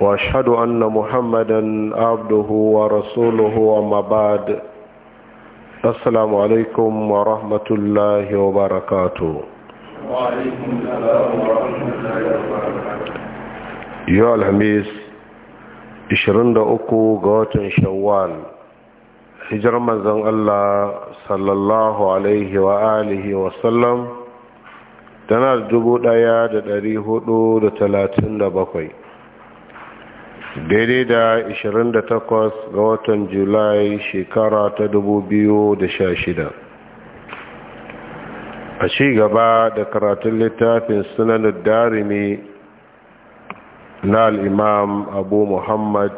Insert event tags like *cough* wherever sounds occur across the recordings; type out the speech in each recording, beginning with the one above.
واشهد ان محمدا عبده ورسوله وما بعد السلام عليكم ورحمه الله وبركاته وعليكم السلام ورحمه الله وبركاته يا الحميس 23 ga watan shawwal hijar manzon Allah sallallahu alaihi wa alihi wa sallam tana da 1437 daidai da 28 ga watan julai shekara ta 2016 a ci gaba da karatun littafin sunanar darimi na al'imam abu muhammad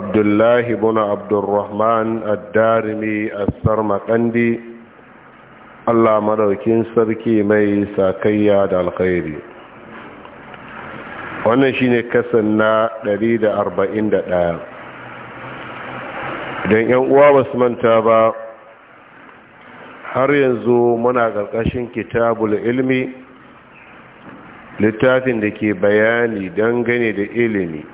abdullahi buna abdurrahman ad-darimi asar makandi allah maraukin sarki mai sakayya da alkhairi wannan shine kasan na 141 idan yan uwa basu manta ba har yanzu muna ƙarƙashin kitabul ilmi littafin da ke bayani don gane da ilimi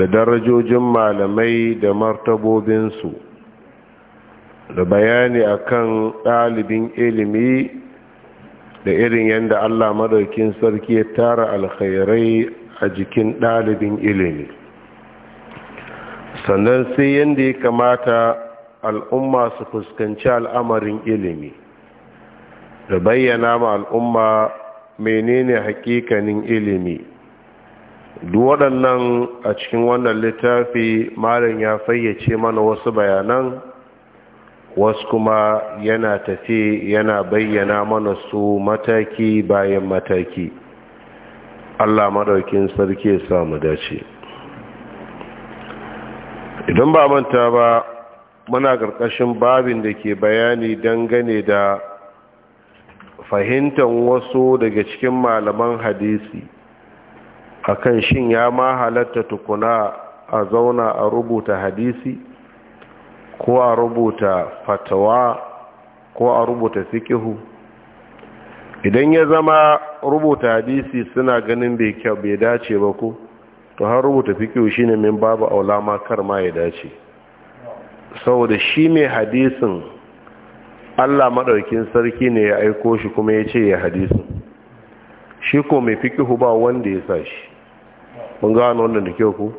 da darajojin malamai da martabobinsu da bayani akan ɗalibin ilimi da irin yadda Allah madaukin sarki ya tara alkhairai a jikin ɗalibin ilimi sannan sai yadda ya kamata al'umma su fuskanci al'amarin ilimi da bayyana ma al'umma menene hakikanin ilimi duk waɗannan a cikin wannan littafi malin ya fayyace mana wasu bayanan wasu kuma yana tafi yana bayyana mana su mataki bayan mataki Allah madaukin sarki ya samu dace idan ba manta ba muna ƙarƙashin babin da ke bayani dangane da fahimtar wasu daga cikin malaman hadisi akan shin ya ma halatta tukuna a zauna a rubuta hadisi ko a rubuta fatawa ko a rubuta fikihu idan ya zama rubuta hadisi suna ganin bai kyau bai dace ba ko to har rubuta fikihu shine min babu aulama kar ma ya dace saboda shi mai hadisin Allah maɗaukin sarki ne ya aiko shi kuma ya ce ya hadisin shi ko mai fikihu ba wanda ya sa shi mun gano wannan da kyau ku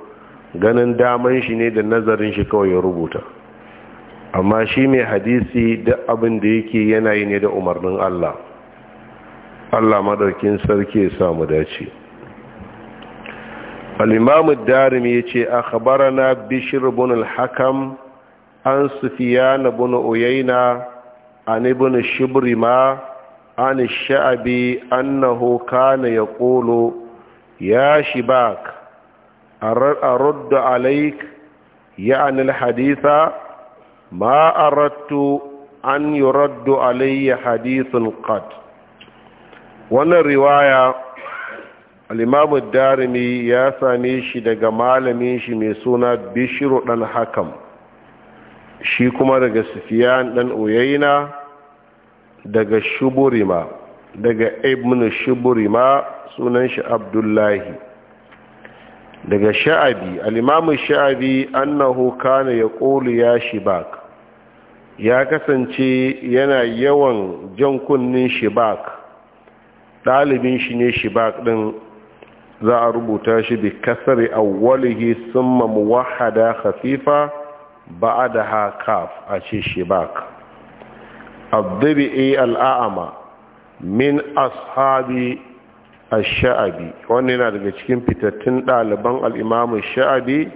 ganin daman shi ne da nazarin shi kawai ya rubuta amma shi mai hadisi da abin da yake yanayi ne da umarnin Allah Allah madaukin sarki ya samu dace al-imam ad-darimi yace akhbarana bishr ibn al-hakam an sufyan ibn uyayna an ibn shibrima an ash-sha'bi annahu kana yaqulu ya shibak arad alayk ya'ni al-haditha ma arattu an yuraddu alayya hadithun qad wannan riwaya al-imamu darimi ya same shi daga malamin shi mai suna bishiru ɗan hakam shi kuma daga sufiyan dan uyaina daga shuburima daga ibn shuburima sunan shi abdullahi daga sha'abi al'imamu sha'abi annahu kana ya ƙoli ya shibak ya kasance yana yawan jan kunnin shibak ɗalibin shi ne shibak ɗin za a rubuta shi bi kasar awwalihi summa muwahhada khafifa da ha kaf a ce shibak abdubi al'ama min ashabi ash-sha'abi wannan yana daga cikin fitattun ɗaliban al-imam shaabi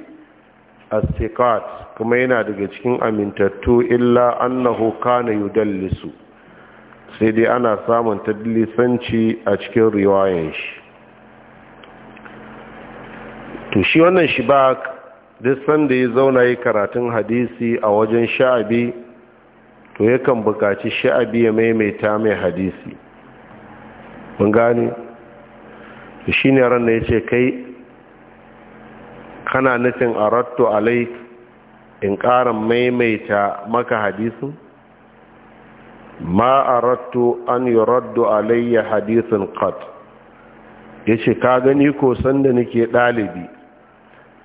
as-siqat kuma yana daga cikin amintattu illa annahu kana yudallisu sai dai ana samun tadlisanci a cikin riwayan shi to shi wannan shibak duk sanda ya zauna yi karatun hadisi a wajen sha'abi to yakan bukaci sha'abi ya maimaita mai hadisi mun gane shi ne ran da ya ce kai kana nufin a ratto alai in ƙara maimaita maka hadisun ma a ratto an yi alai alayya hadisun kat. ya ce ka gani ko sanda nake ɗalibi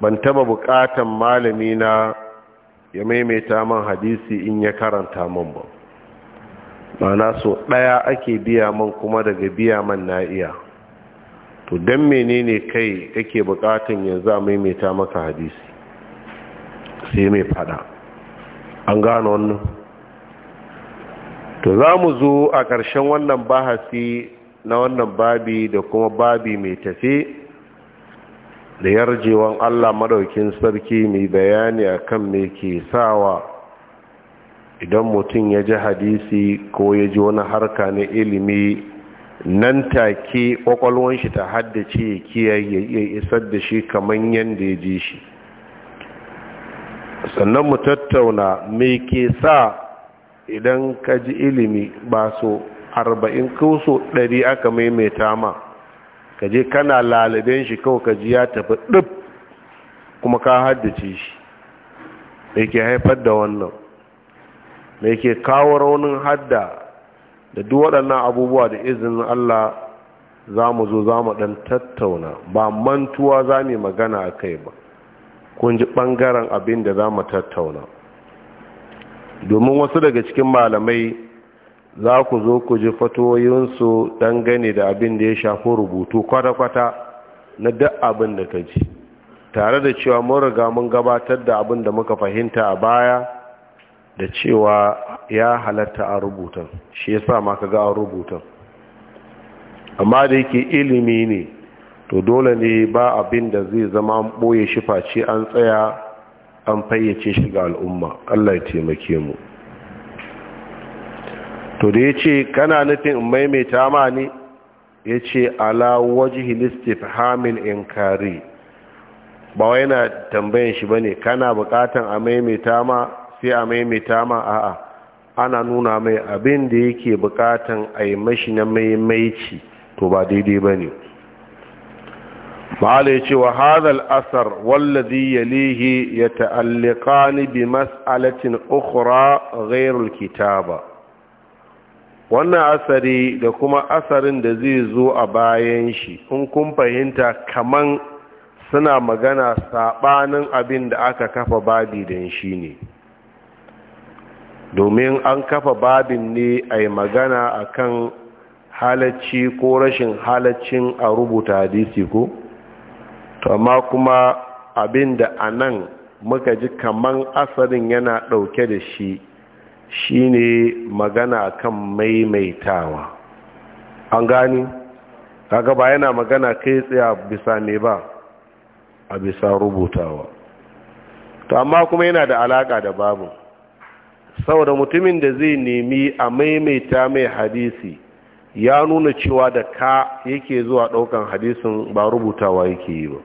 ban taba buƙatan malami na ya maimaita man hadisi in ya karanta man ba na so ɗaya ake biya man kuma daga biya man na iya to don menene kai kake bukatan yanzu a maimaita maka hadisi sai mai fada an gano wannan to za mu zo a ƙarshen wannan bahasi na wannan babi da kuma babi mai tafi da yarjewan allah maɗaukin sarki mai bayani a kan me ke sawa idan mutum ya ji hadisi ko ya ji wani harka na ilimi nan take kwakwalwan shi ta haddace ya kiyaye ya isar da shi kamar yadda ya ji shi sannan mu tattauna me ke sa idan ka ji ilimi ba so arba'in ko so ɗari aka maimaita ma ka je kana lalaben shi kawai ka ji ya tafi ɗub. kuma ka haddace shi me ke haifar da wannan me ke kawo raunin hadda da duk waɗannan abubuwa da izinin Allah za mu zo za mu ɗan tattauna ba mantuwa za mu magana a kai ba kun ji ɓangaren abin da za mu tattauna domin wasu daga cikin malamai za ku zo ku ji fatoyinsu dangane da abin da ya shafi rubutu kwata-kwata na duk abin da ka ji tare da cewa mun riga mun gabatar da abin da muka fahimta a baya da cewa ya halatta a rubuta shi yasa ma kaga an rubuta amma da yake ilimi ne to dole ne ba abin da zai zama boye shi face an tsaya an fayyace shi ga al'umma Allah ya taimake mu to da ya yace kana nufin in maimaita ma ne ya yace ala hamil in inkari ba wai yana tambayan shi ba bane kana bukatan a maimaita ma sai a maimaita ma a'a ana nuna mai abin da yake bukatan a yi mashi na maimaici to ba daidai ba ne ma'ala ya ce wa hazal asar wallazi lihi ya ni bi mas'alatin ukhra ghairul kitaba wannan asari da kuma asarin da zai zo a bayan shi in kun fahimta kaman suna magana sabanin abin da aka kafa babi don shi ne domin an kafa babin ne a magana a kan halacci ko rashin halaccin a rubuta hadisi ko to amma kuma abin da a muka ji kaman asalin yana ɗauke da shi shine magana kan maimaitawa an gani kaga ba yana magana kai tsaye bisa ne ba a bisa rubutawa to amma kuma yana da alaka da babu saboda mutumin da zai nemi a maimaita mai hadisi ya nuna cewa da ka yake zuwa ɗaukan hadisin ba rubutawa yake yi ba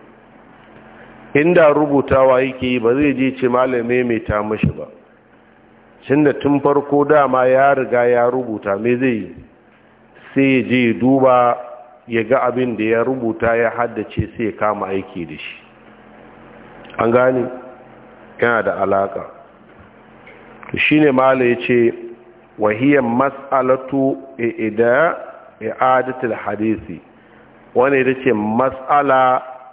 inda rubutawa yake yi ba zai je ce malai maimaita mashi ba da tun farko dama ya riga ya rubuta me zai yi sai ya je duba ya ga abin da ya rubuta ya haddace sai ya kama aiki da shi an gane yana da alaƙa. to shine mala yace wahiya mas'alatu i'da i'adatu al-hadisi wani ce mas'ala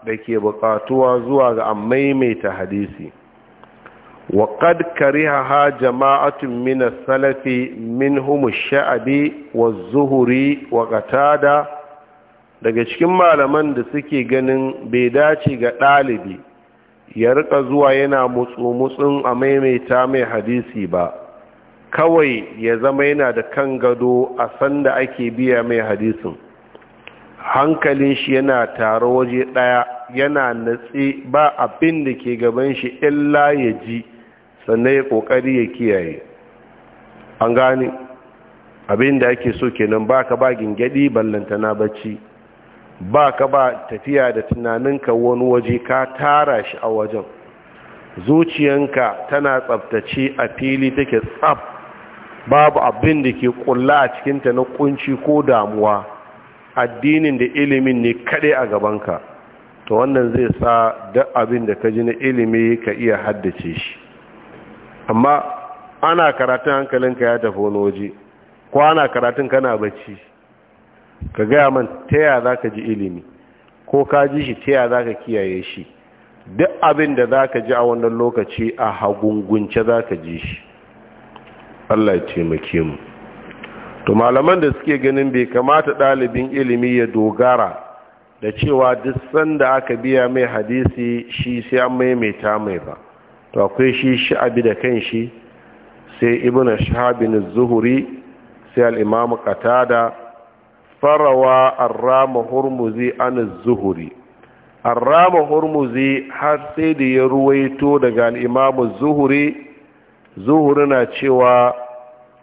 da ke bukatuwa zuwa ga maimaita hadisi wa kariha ha jama'atun min salafi min ash sha'abi wa zuhuri wa katada daga cikin malaman da suke ganin bai dace ga ɗalibi ya rika zuwa yana mutsu a maimaita mai hadisi ba kawai ya zama yana da kan gado a sanda ake biya mai hadisin hankalin shi yana taro waje ɗaya yana natsi ba abin da ke gaban shi illa ya ji sannan ya ƙoƙari ya kiyaye an gani abin da ake so kenan ba ka ba gingadi ballantana bacci ba ka ba tafiya da tunaninka wani waje ka tara shi a wajen zuciyanka tana tsabtace a fili take tsab babu abin da ke kulla a cikinta na kunci ko damuwa addinin da ilimin ne kaɗai a gabanka ta wannan zai sa duk abin da ka ji na ilimi ka iya haddace shi amma ana karatun hankalinka ya tafi wani waje ko ana karatun kana bacci ka gaya man taya za ka ji ilimi ko ka ji shi taya za ka kiyaye shi duk abin da za ka ji a wannan lokaci a hagungunce za ka ji shi allah ya taimake mu to malaman da suke ganin bai kamata ɗalibin ilimi ya dogara da cewa duk sanda aka biya mai hadisi shi sai an maimaita mai ba to akwai shi sha'abi da kan shi sai Ibnu shahabin zuhuri sai al'imamu katada farawa arrama hurmuzi an zuhuri arrama hurmuzi har sai da ya ruwaito daga al'imamu zuhuri zuhuri na cewa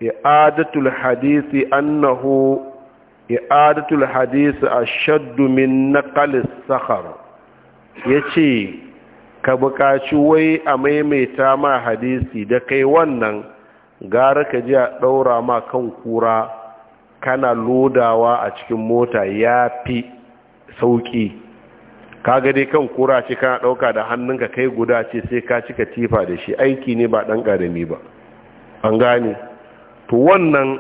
i'adatul hadisi annahu i'adatul hadisi ashaddu min naqalis sakhar yace ka buƙaci wai a maimaita ma hadisi da kai wannan gara ka ji a ɗaura ma kan kura kana lodawa a cikin mota ya fi sauƙi kaga dai kan kura ce kana ɗauka da hannunka kai guda ce sai ka cika tifa da shi aiki ne ba ɗan ƙarami ba an gane to wannan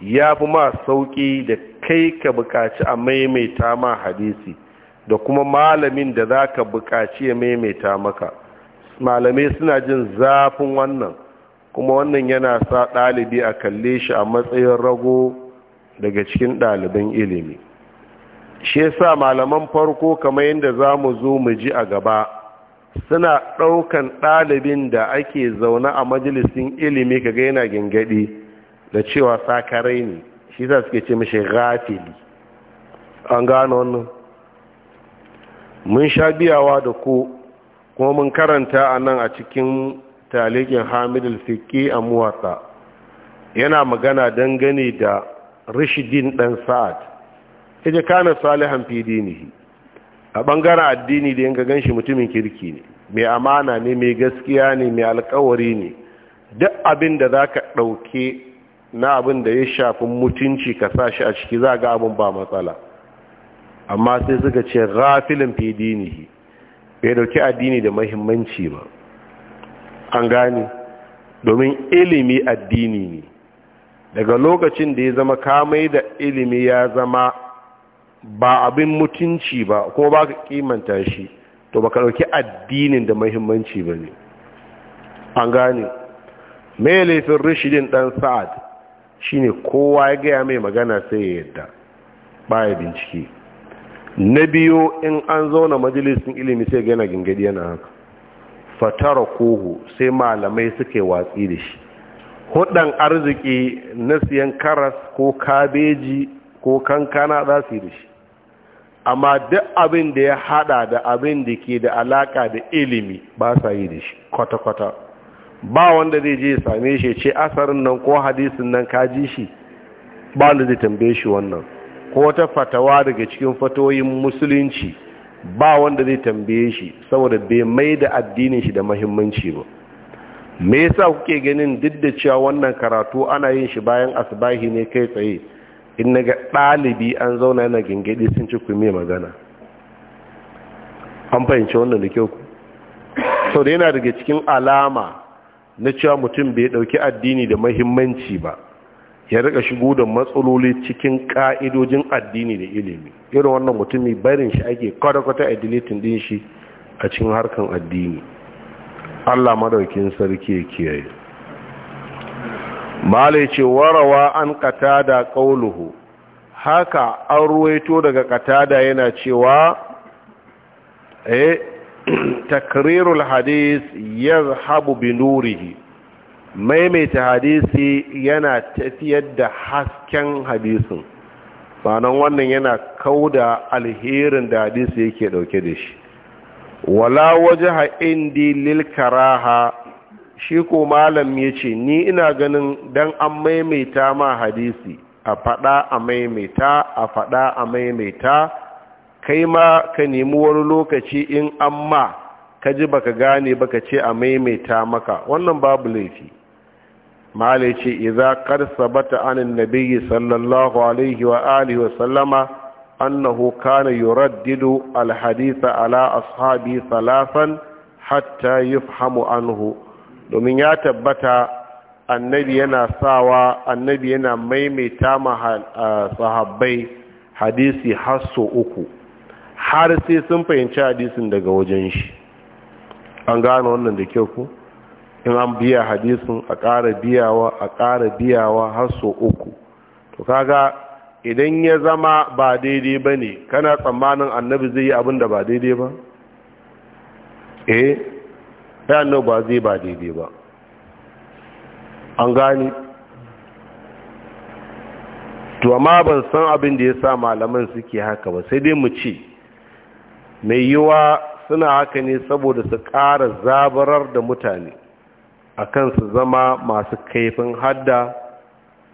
ya fi ma sauƙi da kai ka buƙaci a maimaita ma hadisi da kuma malamin da za ka buƙaci ya maimaita maka malamai suna jin zafin wannan kuma wannan yana sa ɗalibi a kalle shi a matsayin rago daga cikin ɗaliban ilimi shi yasa malaman farko kamar yadda za mu zo mu ji a gaba suna ɗaukan ɗalibin da ake zaune a majalisin ilimi kaga gaina gangaɗi da cewa sakarai ne shi za suke ce mashi gafili an gano wannan mun sha biyawa da ku kuma mun karanta a nan a cikin talikin hamidul fiƙi a muwatsa yana magana dangane da rishidin ɗan sa'ad yace kana salihan fi dinihi a bangaren addini da yanga ganshi mutumin kirki ne mai amana ne mai gaskiya ne mai alkawari ne duk abin da zaka dauke na abin da ya shafi mutunci ka sa shi a ciki za ga abin ba matsala amma sai suka ce rafilin fi dinihi bai ɗauki addini da mahimmanci ba an gane domin ilimi addini ne daga lokacin da ya zama kamai da ilimi ya zama ba abin mutunci ba ko ba ka kimanta shi to ba ka ɗauki addinin da mahimmanci ba ne an gane mai laifin rishidin ɗan sa'ad shine kowa ya gaya mai magana sai ya yadda baya bincike na biyu in an zauna majalisun ilimi sai gana gingadi yana haka fatara kohu sai malamai suke watsi da shi hudan arziki na siyan karas ko kabeji ko kankana za su yi da shi amma duk abin da ya hada da abin da ke da alaka da ilimi ba sa yi da shi kwata-kwata ba wanda zai je same shi ce asarin nan ko hadisin nan kaji shi ba wanda zai tambaye shi wannan ko wata fatawa daga cikin fatoyin musulunci ba wanda zai tambaye shi saboda bai mai da addinin shi da mahimmanci ba me yasa kuke ganin duk da cewa wannan karatu ana yin shi bayan asbahi ne kai tsaye in naga ɗalibi an zauna yana gingidi sun ci kuma magana an fahimci wannan da kyau sau da yana daga cikin alama na cewa mutum bai ɗauki addini da mahimmanci ba ya rika shigo da matsaloli cikin ka'idojin addini da ilimi irin wannan mutumi barin shi ake kwadakwata a deletin din shi a cikin harkan addini Allah madaukin sarki ya kiyaye malai ce warawa an katada kauluhu haka an ruwaito daga ƙatada yana cewa eh *clears throat* takrirul hadith yazhabu bi nurihi ta hadisi yana tafiyar da hasken hadisin nan wannan yana kauda alherin da hadisi yake dauke da shi wala ha indi lil karaha shi ko malam yace ni ina ganin dan an maimaita ma hadisi a fada a maimaita a fada a maimaita kai ma ka nemi wani lokaci in amma ka ji baka gane baka ce a maimaita maka wannan babu laifi malai ce iza qad sabata anan nabiyyi sallallahu alaihi wa alihi wa sallama annahu kana yuraddidu alhaditha ala ashabi salasan hatta yufhamu anhu domin ya tabbata annabi yana sawa annabi yana maimaita ma sahabbai hadisi hasso uku har sai sun fahimci hadisin daga wajen shi an gano wannan da kyau ku in an biya hadisin a ƙara biyawa a ƙara uku to kaga idan ya zama ba daidai ba ne kana tsammanin annabi zai yi abin da ba daidai ba eh sai annabi ba zai ba daidai ba an gani to amma ban san abin da ya sa malaman suke haka ba sai dai mu ce mai yiwa suna haka ne saboda su ƙara zabarar da mutane akan su zama masu kaifin hadda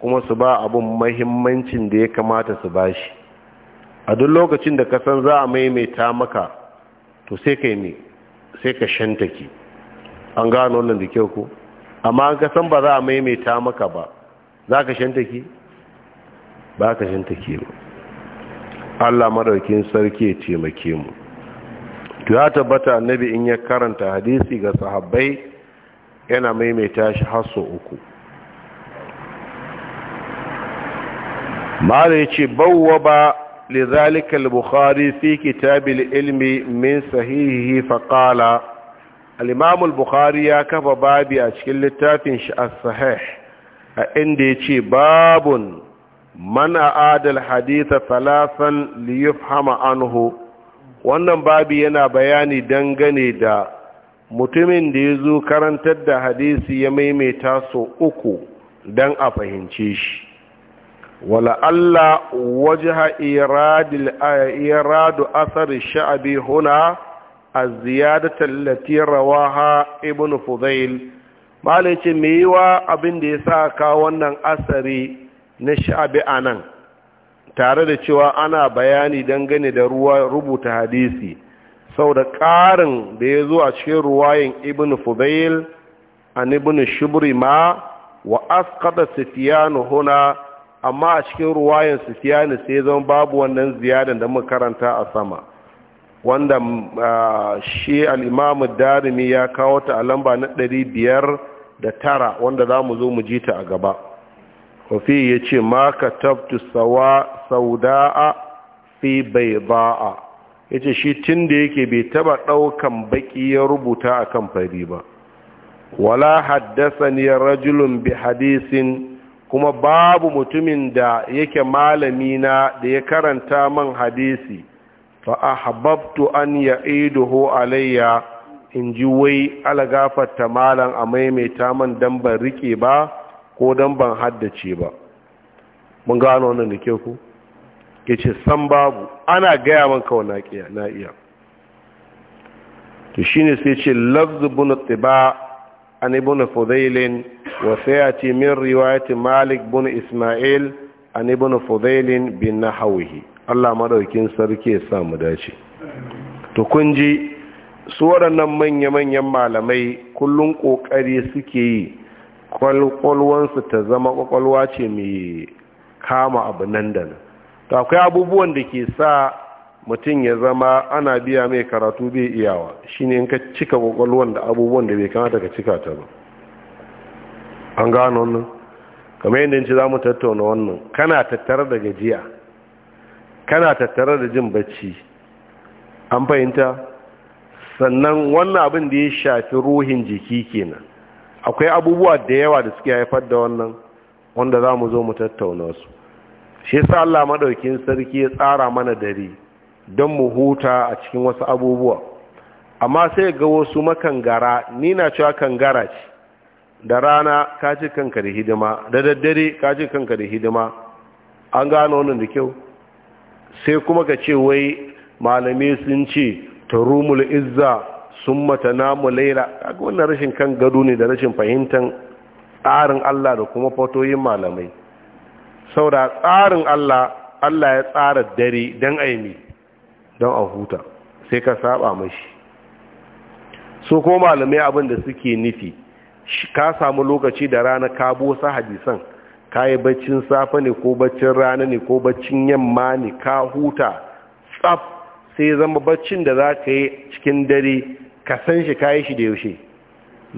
kuma su ba abun mahimmancin da ya kamata su ba shi a duk lokacin da ka san za a maimaita maka to sai ka yi sai ka shantake an gano wannan da kyau ko amma an kasan ba za a maimaita maka ba za ka shantake ba ka shantake ba Allah maraukin sarki ya taimake mu to ya tabbata annabi in ya karanta hadisi ga sahabbai yana maimaita shi har uku mara ya ce bauwa ba lizalikal bukhari fi kitabil ilmi min sahihi faƙala alimamul bukhari ya kafa babi a cikin littafin shi a sahih a inda ya ce babun man a adal haditha salafan liyuf hama anhu wannan babi yana bayani dangane da mutumin da ya zo karantar da hadisi ya maimaita so uku don a fahimce shi wala alla wajha iradil iradu athar sha'bi huna a ziyadat allati rawaha ibn fudayl malai ce me yiwa abin da yasa ka wannan asari na sha'bi anan tare da cewa ana bayani dangane da ruwa rubuta hadisi sau da ƙarin da ya zo a cikin ruwayin ibn fudayl an ibn shubri ma wa asqata sufyan huna amma a cikin ruwayan sufiyani sai zan babu wannan ziyadan da muka karanta a sama wanda shi al'imamu darimi ya kawo ta a lamba na ɗari biyar da tara wanda za mu zo mu ji ta a gaba kofi ya ce ma ka tabtu sauda'a fi bai ba'a ya ce shi tun da yake bai taba ɗaukan baƙi ya rubuta a kan fari ba wala haddasa ne rajulun bi hadisin kuma babu mutumin da yake malami na da ya karanta man hadisi fa ahbabtu an ya'iduhu alayya in ji wai ta malam a maimaita man dan ban rike ba ko dan ban haddace ba mun gano wannan da ke ku yace san babu ana gaya man kawai na iya to shine sai ce lafzu bunu tiba عن ابن فضيل وسيأتي malik رواية isma'il بن إسماعيل عن ابن فضيل بنحوه الله مدوكين سركي سامو داشي to kun ji su waɗannan manya-manyan malamai kullum ƙoƙari suke yi ƙwaƙwalwansu ta zama ƙwaƙwalwa ce mai kama abu nan da nan to akwai abubuwan da ke sa mutum ya zama ana biya mai karatu bai iyawa shine in ka cika kwakwalwa da abubuwan da bai kamata ka cika ta ba an gano wannan kamar yadda ci za mu tattauna wannan kana tattare da gajiya kana tattare da jin bacci an fahimta sannan wannan abin da ya shafi ruhin jiki kenan akwai abubuwa da yawa da suke haifar da wannan wanda za mu zo mu tattauna su shi sa Allah madaukin sarki ya tsara mana dare don mu huta a cikin wasu abubuwa amma sai ga wasu makangara ni na cewa kangara ce da rana ka ci kanka da hidima da daddare ka ci kanka da hidima an gano wannan da kyau sai kuma ka ce wai malami sun ce tarumul izza sun mata namu laila wannan rashin kan gado ne da rashin fahimtar tsarin Allah da kuma fatoyin malamai saboda tsarin Allah Allah ya tsara dare don aimi don a huta sai ka saba mashi su ko malamai abin da suke nufi ka samu lokaci da rana ka bosa hadisan ka yi baccin safe ne ko baccin rana ne ko baccin yamma ne ka huta tsaf sai zama baccin da za ka yi cikin dare ka san shi ka yi shi da yaushe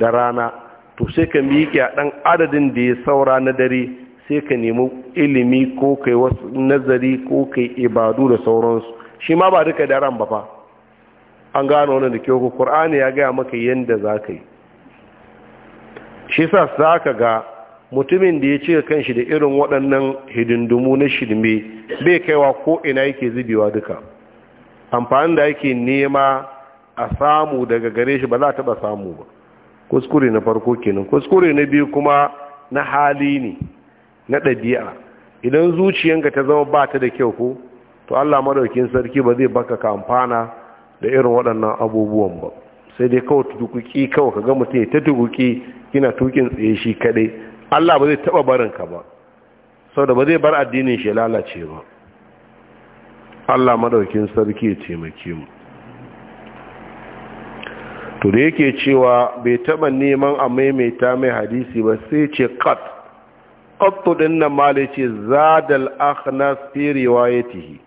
da rana to sai ka miƙe a ɗan adadin da ya saura na dare sai ka nemi ilimi ko kai wasu nazari ko kai ibadu da sauransu shi ma ba duka ran ba fa an gano wannan da kyau Qur'ani ya gaya maka yanda zaka yi shi sa zaka ga mutumin da ya ce shi da irin waɗannan hidindumu na shirme bai kaiwa ko ina yake zubewa duka amfani da yake nema a samu daga gare shi ba za ta ba samu ba kuskure na farko kenan kuskure na biyu kuma na hali ne na ɗabi'a idan zuciyanka ta zama ba ta da kyau ko to Allah madaukin sarki ba zai baka kamfana da irin waɗannan abubuwan ba sai dai kawai tukuki kawai ga mutum ya ta tukuki kina tukin tsaye shi kadai Allah ba zai taba barin ka ba sau da ba zai bar addinin shi lalace ba Allah madaukin sarki ya taimake mu to da yake cewa bai taba neman a maimaita mai hadisi ba sai ce kat qat din nan mali ce zadal akhnas fi riwayatihi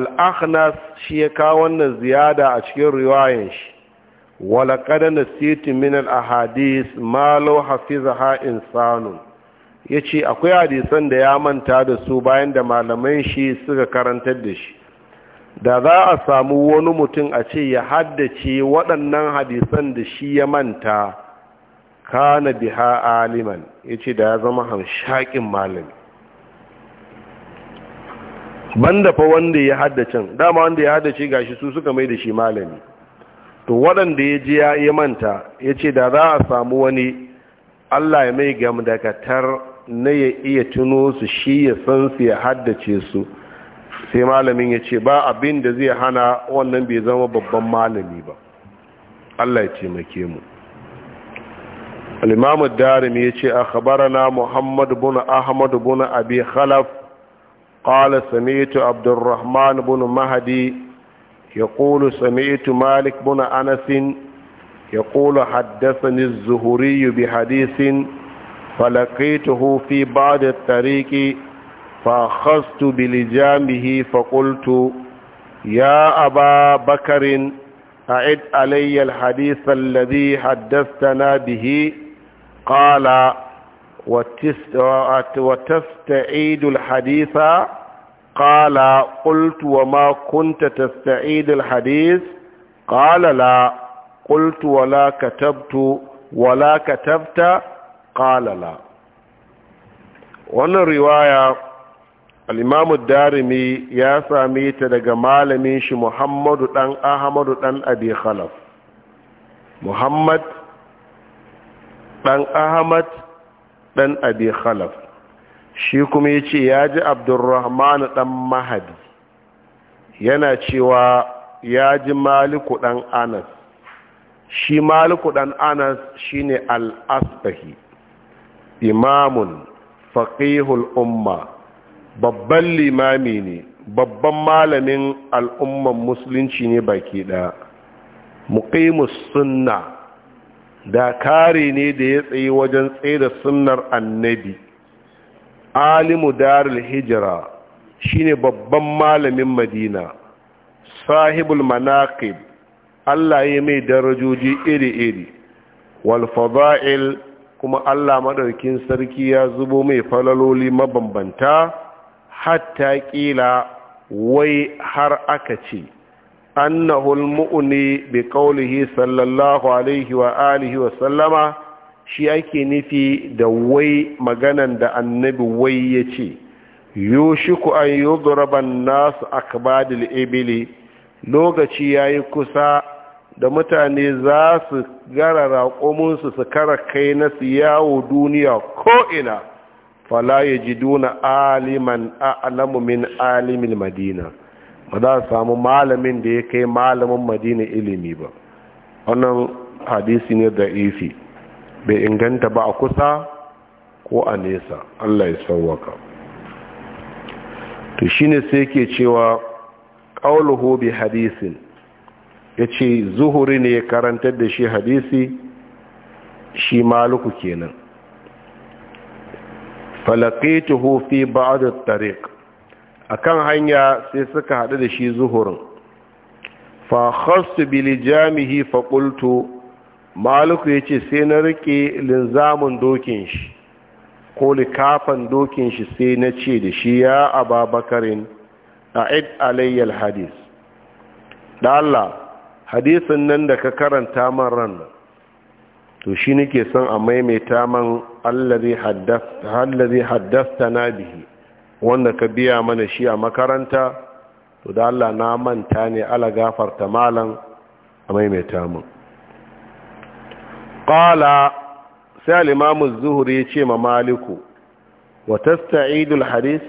al'akhnas shi ya kawo wannan ziyada a cikin riwayen shi walakada na a min al'ahadis malo hafiza ha'in sanun ya ce akwai hadisan da ya manta da su bayan da malaman shi suka karantar da shi da za a samu wani mutum a ce ya haddace waɗannan hadisan da shi ya manta kana biha aliman ya ce da ya zama hamshakin malami banda fa wanda ya haddace, dama wanda ya haddace gashi su suka mai da shi malami to waɗanda ya je ya manta ya ce da za a samu wani allah ya mai gamdakatar na ya iya tuno su shi ya san su ya haddace su sai malamin ya ce ba abin da zai hana wannan bai zama babban malami ba allah ya ce make mu al-imamu darimi ya ce a muhammad Buna ahmad Buna abi khalaf قال سمعت عبد الرحمن بن مهدي يقول سمعت مالك بن أنس يقول حدثني الزهري بحديث فلقيته في بعض الطريق فأخذت بلجامه فقلت يا أبا بكر أعد علي الحديث الذي حدثتنا به قال وتستعيد الحديث قال قلت وما كنت تستعيد الحديث قال لا قلت ولا كتبت ولا كتبت قال لا wannan riwaya al'imamu darimi ya same ta daga malamin shi muhammadu ɗan ahmadu ɗan abi khalaf muhammad ɗan ahmad ɗan abi khalaf shi kuma ya ce ya ji abdurrahman ɗan mahadi yana cewa ya ji maliku ɗan anas shi maliku ɗan anas shine al'asbahi imamun faƙihul umma babban limami ne babban malamin al'umman musulunci ne baki ɗaya muqimus sunna da kare ne da ya tsaye wajen tsaye da sunnar annabi alimu darul hijira shine babban malamin madina sahibul manaqib Allah ya mai darajoji iri-iri wal fada'il kuma Allah madaukin sarki ya zubo mai falaloli mabambanta hatta kila wai har aka ce Annahulmu'u ne, muni bi qawlihi sallallahu alaihi wa wa sallama shi ake nufi da wai maganan da annabi wai yace yushiku an yudraba an-nas akbadil ibili lokaci yayi kusa da mutane za su gara raƙominsu su kara kai na su duniya ko'ina fala ya ji duna aliman a'alamu min alimin madina ba za a samu malamin da ya kai malamin madina ilimi ba wannan hadisi ne da ifi bai inganta ba a kusa ko a nesa allah ya sauwaka to shine sai ke cewa ƙauluhu bi hadisin ya ce zuhuri ne ya karantar da shi hadisi shi maluku kenan falaƙe fi ba'ad tariq akan hanya sai suka haɗu da shi zuhurin fa jamihi bilijamihi fa qultu ya yace sai na rike linzamin dokin shi ko likafan dokin shi sai na ce da shi ya ababakarin a'id alayyar hadis da Allah hadisin nan da ka karanta man ran. to shi nake son a maimaita man allazi haddasta na bihi wanda ka biya mana shi a makaranta to da Allah na manta ne ala gafarta malan a maimaita mu qala sai al-imamu zuhri ya ce ma maliku wa tasta'idul hadith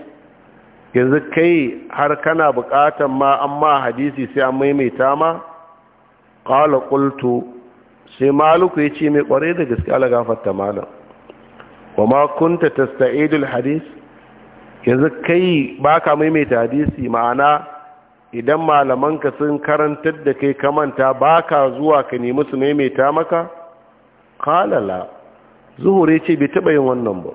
yanzu kai har kana bukatan ma amma hadisi sai an maimaita ma qala qultu sai maliku ya ce mai kware da gaske ala gafarta malan wa ma kunta tasta'idul hadith yanzu kai ba ka maimaita hadisi ma'ana idan malamanka sun karantar da kai kamanta ba ka zuwa ka nemi su maimaita maka kalala zuhure ce bai taɓa yin wannan ba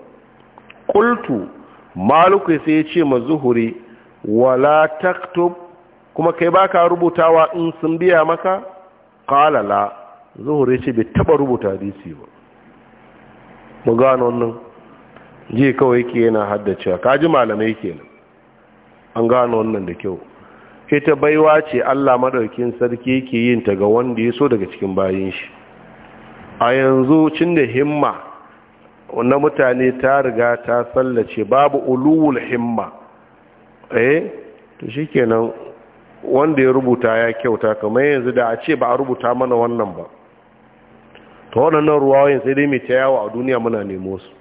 Kultu maluku sai ya ce ma zuhure wala taktub kuma kai ba ka rubutawa in sun biya maka kalala zuhure ce bai taɓa rubuta hadisi ba mu gano wannan ji kawai ke yana haddacewa kaji malamai kenan an gano wannan da kyau ita baiwa ce Allah maɗaukin sarki yake yin ta ga wanda ya so daga cikin bayin shi a yanzu cin da himma na mutane ta riga ta sallace babu uluwul himma eh to shi kenan wanda ya rubuta ya kyauta kamar yanzu da a ce ba a rubuta mana wannan ba ta waɗannan ruwayoyin sai dai mai ta yawo a duniya muna nemo su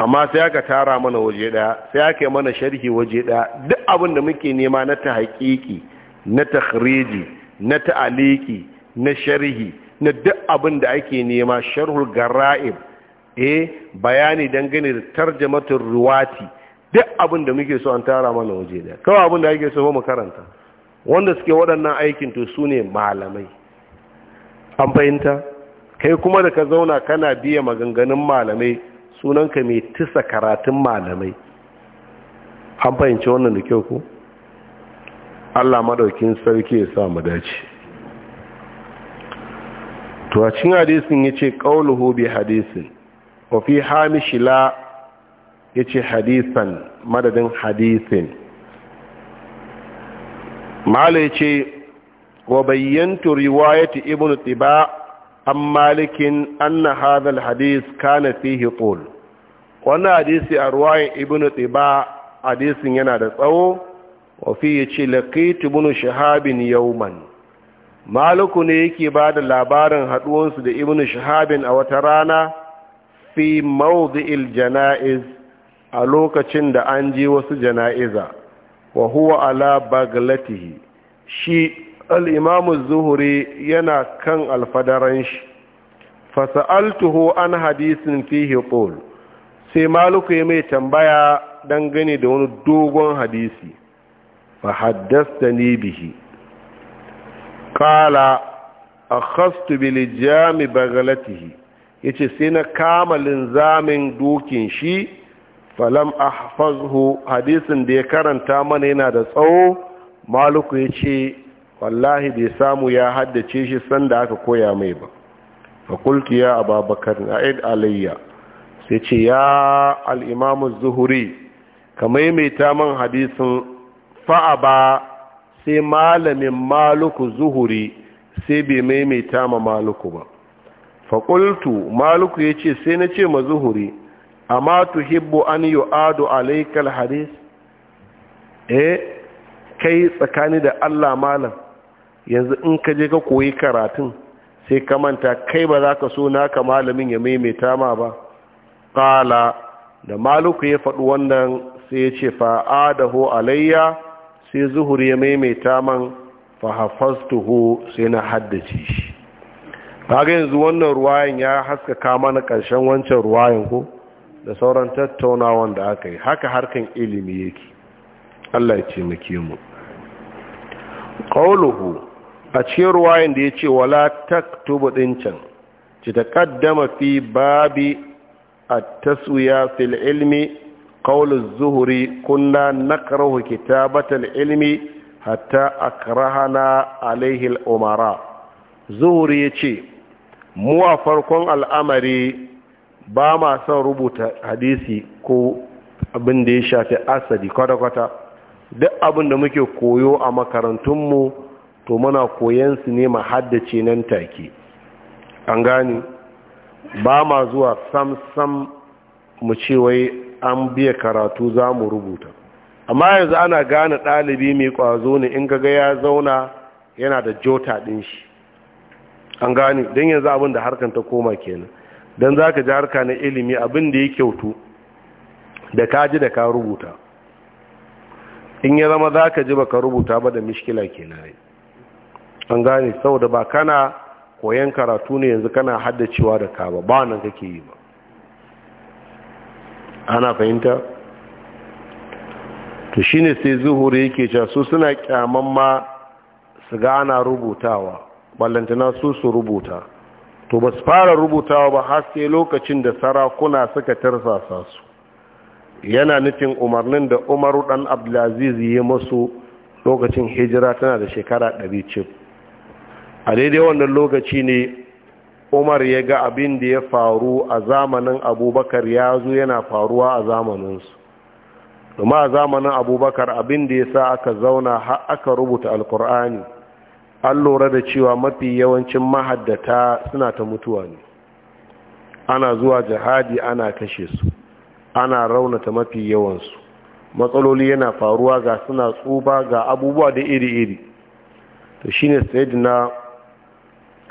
amma sai aka tara mana waje ɗaya, sai aka mana sharhi waje ɗaya, duk abin da muke nema na ta haƙiƙi na takhriji na ta'aliki na sharhi na duk abin da ake nema sharhul gara'ib eh bayani dangane da tarjamatul ruwati duk abin da muke so an tara mana waje ɗaya. kawai abin da ake so mu karanta wanda suke waɗannan aikin to su ne malamai an fahimta kai kuma da ka zauna kana biya maganganun malamai sunanka mai tisa karatun malamai an fahimci wannan da kyau ku allah maɗaukin sarki ya sa mu dace tuwacin hadisin ya ce ƙauluhu bi hadisin Hami hamishila ya ce hadisan madadin hadisin mala ya ce wa bayyantu riwayati ibn tiba an malikin anna hadis alhadith kana fihi qul wannan hadisi a ruwayan ibnu tiba hadisin yana da tsawo wa fi ce laqitu ibn shahabin yauman. maliku ne yake ba da labarin haɗuwansu da ibnu shahabin a wata rana fi il janaiz a lokacin da an ji wasu jana'iza wa huwa ala baglatihi shi al'imamu zuhuri yana kan alfadaran shi fasa'altuhu an hadisin fihi ƙol sai maluku ya mai tambaya dangane da wani dogon hadisi fa haddasta ni bihi kala a khastu bilijami bagalatihi ya ce sai na kama linzamin dokin shi falam ahfazhu hadisin da ya karanta mana yana da tsawo maluku ya ce wallahi bai samu ya haddace shi sanda aka koya mai ba fakultu ya ababakar aid alayya sai ce ya al'imamu zuhuri ka maimaita man fa'a ba, sai malamin maluku zuhuri sai bai maimaita ma maluku ba fakultu maluku ya ce sai na ce ma zuhuri amma tuhibbu an yi ado alaikal hadis eh kai tsakani da allah malam yanzu in ka je ka koyi karatun sai ka manta kai ba za ka so naka malamin ya maimaita ma ba ƙala da maluku ya faɗi wannan sai ya ce fa'a da ho alayya sai zuhur ya maimaita man fahafastuhu sai na haddace shi kaga yanzu wannan ruwayan ya haskaka mana ƙarshen wancan ruwayan ko da sauran tattaunawan da aka yi haka harkan ilimi yake Allah ya ce muke mu qawluhu a cikin ruwayan da ya ce wala taktubu ɗincan ci ta fi babi a taswiya fil ilmi az zuhuri kunna na kitabata al ilmi hatta akrahana alaihil umara zuhuri yace mu a farkon al'amari ba ma son rubuta hadisi ko abin da ya shafi Asadi kwata-kwata duk abin da muke koyo a makarantunmu to muna koyan su ne mahaddace nan take an gani ba ma zuwa sam-sam mu ce wai an biya karatu za mu rubuta amma yanzu ana gane ɗalibi mai ƙwazo ne in gaga ya zauna yana da jota ɗin shi an gani don yanzu abin da harkar ta koma kenan don za ka ji harka na ilimi abin da ya kyautu da ka ji da ka rubuta in ya zama za ka ji ba ka rubuta ba da mishkila kenan an gane saboda ba kana koyan karatu ne yanzu kana haddacewa da ka ba ba nan kake yi ba ana fahimta to shine sai zuhuri yake cewa su suna kyaman ma su ga ana rubutawa ballantana su su rubuta to ba su fara rubutawa ba har sai lokacin da sarakuna suka tarsasa su yana nufin umarnin da umaru dan abdulaziz ya masu lokacin hijira tana da shekara 100 cif a daidai wannan lokaci ne umar ya ga abin da ya faru a zamanin abubakar ya zo yana faruwa a zamaninsu kuma a zamanin abubakar abin da ya sa aka zauna har aka rubuta alkur'ani an lura da cewa mafi yawancin mahaddata suna ta mutuwa ne ana zuwa jihadi ana kashe su ana raunata mafi yawansu matsaloli yana faruwa ga suna tsuba ga abubuwa da iri-iri to shine sayyidina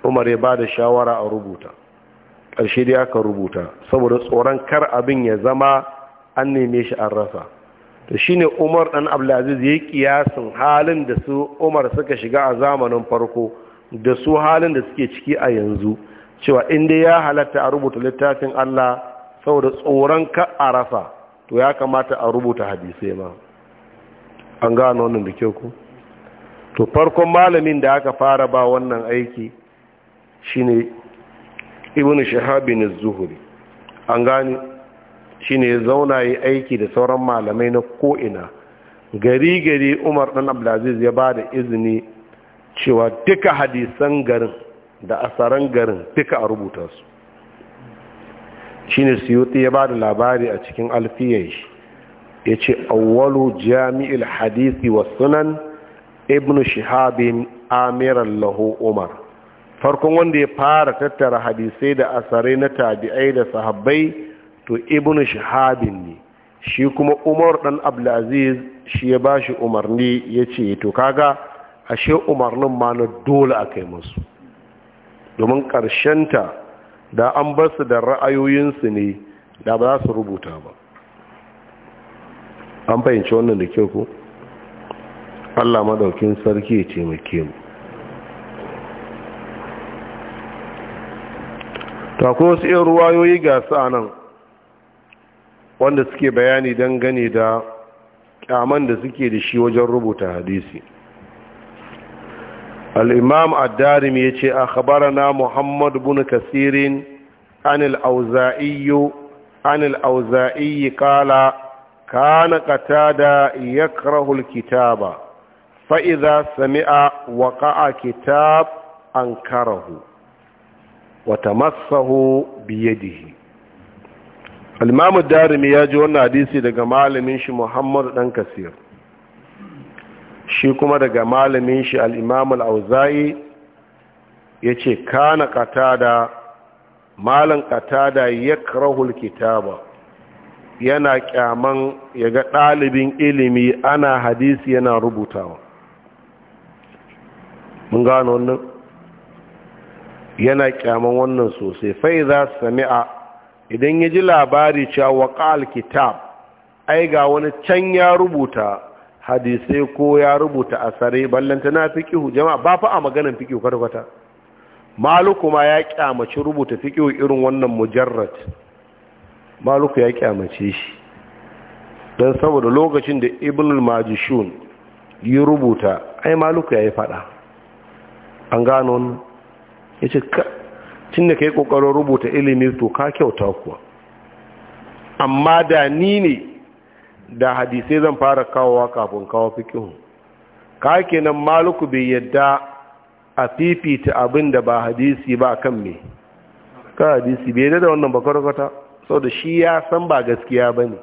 umar ya ba da shawara a rubuta ƙarshe dai aka rubuta saboda tsoron kar abin ya zama an neme shi an rasa to shine umar ɗan abdulaziz ya ƙiyasin halin da su umar suka shiga a zamanin farko da su halin da suke ciki a yanzu cewa inda ya halatta a rubuta littafin Allah saboda tsoron ka a rasa to ya kamata a rubuta hadisai ma an gano wannan da kyau ku to farkon malamin da aka fara ba wannan aiki shine ibn shahabin zuhuri an gani shine ya zauna yi aiki da sauran malamai na ko'ina gari gari umar dan abdulaziz ya bada da izini cewa duka hadisan garin da asaran garin duka a rubuta su shine suyuti ya ba da labari a cikin alfiyar shi ya ce awwalu jami'il hadisi wa sunan ibn shihabin amiran lahu umar farkon wanda ya fara tattara hadisai da asarai na tabi'ai da sahabbai to Ibn shahabin ne shi kuma umar dan abdulaziz shi ya ba shi umarni ya ce to kaga ashe umarnin ma na dole a kai musu domin ta da an basu da ra'ayoyinsu ne da ba za su rubuta ba an fahimci wannan da kyau ku? allah madaukin sarki ya taimake mu Tako ko wasu irin ruwayoyi ga su wanda suke bayani dangane da kyaman da suke da shi wajen rubuta hadisi al'imam addarim ya ce a na muhammad bin kasirin Anil al'auza'iyyo an al'auza'iyyi kala kana da yakrahu al-kitaba fa sami'a Waka'a kitab an ankarahu wata masahu biyadihi almamu darimi ya ji wannan hadisi daga malamin shi muhammadu dan kasir shi kuma daga malamin shi al'imamu al'auza'i ya ce kana katada malin katada ya karahul kitaba yana kyaman yaga dalibin ɗalibin ilimi ana hadisi yana rubutawa mun gano wannan yana kyaman wannan sosai fai za su sami'a idan ya ji labari cewa waƙal kitab ai ga wani can ya rubuta hadisai ko ya rubuta asare ballanta na fikihu jama'a ba fa a maganan fikihu kwata-kwata maluku ma ya kyamaci rubuta fikihu irin wannan mujarrat maluku ya kyamace shi don saboda lokacin da ibn majishun yi rubuta ai maluku ya yi fada an gano ya ce tun da ka yi ƙoƙarin rubuta ilimi to ka kyauta kuwa amma da ni ne da hadisai zan fara kawowa kafin kawo fikihun ka kenan maluku bai yadda a fifita abin da ba hadisi ba kan me ka hadisi bai da wannan bakwarkwata sau da shi ya san ba gaskiya ba ne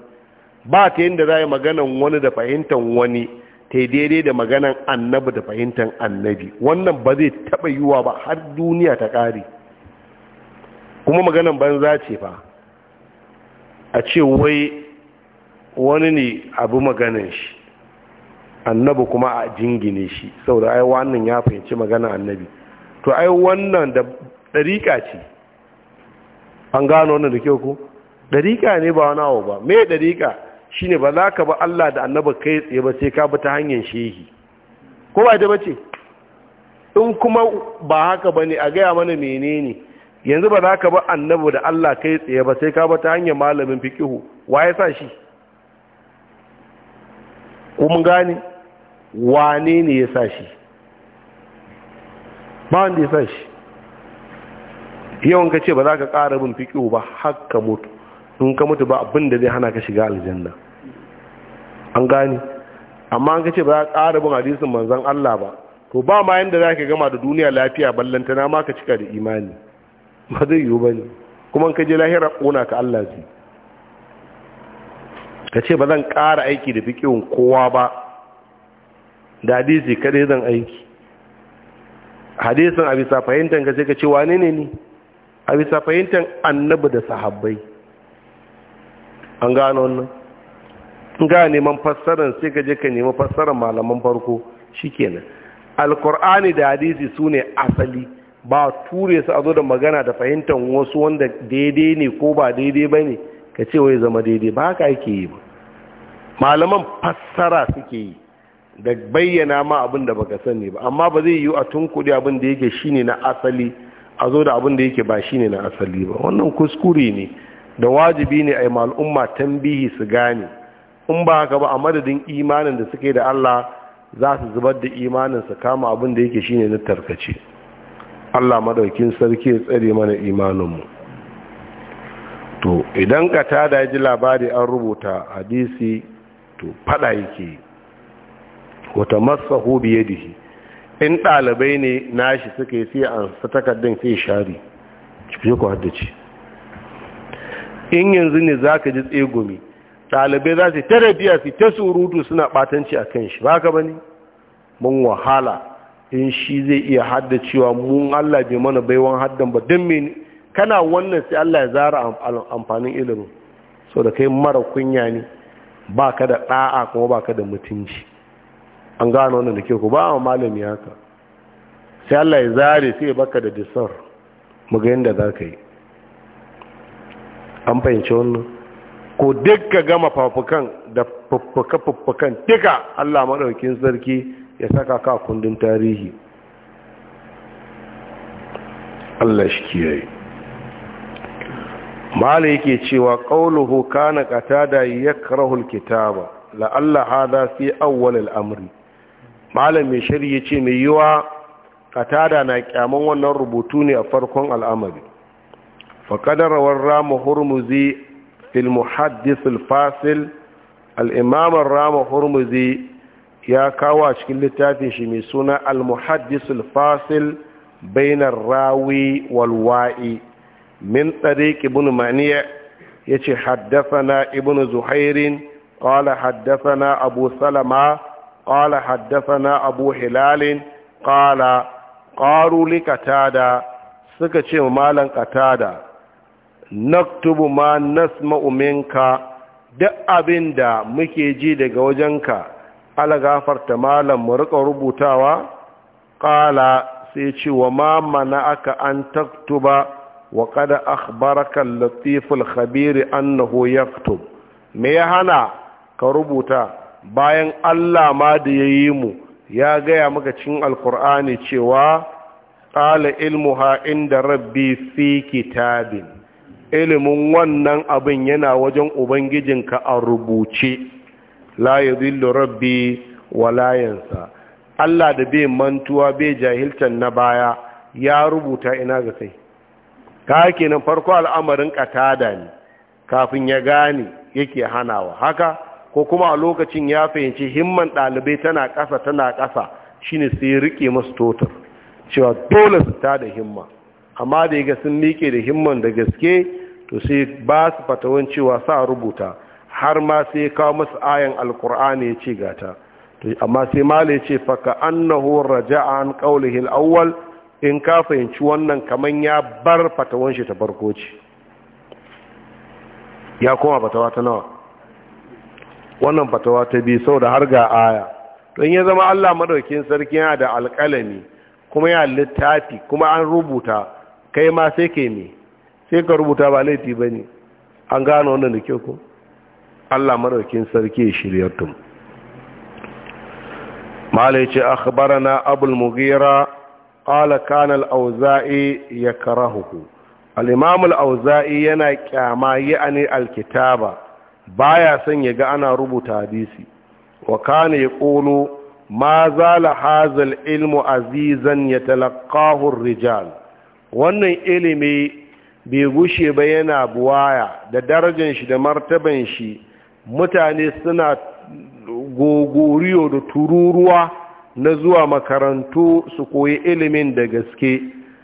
ba ta yin da za yi maganan wani da fahimtar wani ta daidai da maganan annabi da fahimtar annabi wannan ba zai taɓa yiwuwa ba har duniya ta ƙari. kuma maganan banza ce fa a ce wai wani ne abu maganan shi annabi kuma a jingine shi saboda ai wannan ya fahimci maganan annabi to ai wannan da ɗariƙa ce an gano wannan da kyau ko. ɗariƙa ne ba wani abu ba me ɗariƙa shine ba za ka ba Allah da annaba kai tsaye ba sai ka bi ta hanyar shehi ko ba da bace in kuma ba haka bane a gaya mana menene yanzu ba za ka ba annaba da Allah kai tsaye ba sai ka bi ta hanyar malamin fikihu? wa ya sa shi ko mun gane wane ne ya sa shi ba wanda ya sa shi yawan ka ce ba za ka ƙara bin fikihu ba haka mutu in ka mutu ba abin da zai hana ka shiga aljanna an gane amma an kace ba za a ƙara bin hadisin manzon Allah ba to ba ma yanda za ka gama da duniya lafiya ballantana ma ka cika da imani ba zai yiwu ba ne kuma ka je lahira ƙona ka Allah zai ka ce ba zan ƙara aiki da fiƙin kowa ba da hadisi kada zan aiki hadisin a bisa fahimtar ka sai ka ce wane ne ni a bisa fahimtar annabi da sahabbai an gano wannan ga neman fassarar sai ka je ka nemi fassarar malaman farko shikenan alkur'ani da hadisi su ne asali ba ture su a zo da magana da fahimtar wasu wanda daidai ne ko ba daidai ba ka ce wai zama daidai ba haka ake yi ba malaman fassara suke yi da bayyana ma abin da baka sani ba amma ba zai yi a tunkuɗe abin da yake shine na asali a zo da abin da yake ba shine na asali ba wannan kuskure ne da wajibi ne a yi al'umma tambihi su gane in ba haka ba a madadin imanin da suke da Allah za su zubar da imanin su kama abin da yake shine na tarkace Allah madaukin sarki ya tsare mana imaninmu to idan ka tada ji labari an rubuta hadisi to fada yake wata masahu biyadihi in ɗalibai ne nashi suka yi sai an sa takardun sai shari ciki ku haddace in yanzu ne za ka ji tsegumi ɗalibai za su ta rabiya su ta surutu suna ɓatanci a kan shi ba ka ba ne mun wahala in shi zai iya hada cewa mun allah bai mana baiwan haddan ba don mene kana wannan sai allah ya zara amfanin ilimin sau da kai mara kunya ne ba ka da ɗa'a kuma ba ka da mutunci an gano wannan da ke ku ba a malami haka sai allah ya zare sai baka da disar ga yadda za ka yi an fahimci wannan ko duk gama fafukan da fuffuka-fuffukan duka Allah maɗaukin sarki ya saka ka kundin tarihi Allah shi kiyaye mala yake cewa qauluhu kana qatada yakrahu alkitaba la alla hada fi awwal al'amri malam mai shari ce mai yiwa qatada na kyaman wannan rubutu ne a farkon al'amari fa qadarawar ramu hurmuzi fil muhaddis al-fasil al-imam rama hurmuzi ya kawo a cikin littafin shi mai suna al-muhaddis fasil bainar rawi walwa'i min tariq ibn maniya yace haddathana ibnu zuhairin قال حدثنا أبو سلمة قال حدثنا أبو هلال قال قالوا لقتادة suka ce wa malam katada naktubu ma nasma'u minka duk abinda muke ji daga wajenka ala gafarta malam mu rika rubutawa qala sai ce wa ma mana aka an taktuba wa kada akhbaraka latiful khabir annahu yaktub me ya hana ka rubuta bayan Allah ma da yayi mu ya gaya maka cikin alqur'ani cewa qala ilmuha inda rabbi fi kitabin ilimin wannan abin yana wajen ubangijinka a rubuce la zillu rabbi wa layansa Allah da bai mantuwa bai jahiltan na baya ya rubuta ina ga kai ka kenan farko al'amarin katada ne kafin ya gane yake hanawa haka ko kuma a lokacin ya fahimci himman ɗalibai tana ƙasa tana ƙasa shine sai rike masu totar cewa dole su da himma amma da ga sun miƙe da himman da gaske to sai ba su fatawan cewa sa rubuta har ma sai ya kawo masu ayan alkur'ani ya ce gata to amma sai mala ya ce faka annahu raja'a an qawlihi al-awwal in ka fahimci wannan kaman ya bar fatawan shi ta farko ce ya koma fatawa ta nawa wannan fatawa ta biyu sau da har ga aya don ya zama Allah madaukin sarki yana da alƙalami kuma ya littafi kuma an rubuta kai ma sai ke me sai ka rubuta ba laifi ba ne an gano wannan da kyau ko allah maraukin sarki ya shirya tun malai ce akhbarana abul mugira qala kana al-auza'i yakrahuhu al-imam auzai yana kyama ya'ani al-kitaba baya son ya ga ana rubuta hadisi wa kana yaqulu ma zala hazal ilmu azizan ya ar-rijal wannan ilimi bai gushe ba yana buwaya da darajar shi da martaban shi mutane suna gogoriyo da tururuwa na zuwa makarantu su koyi ilimin da gaske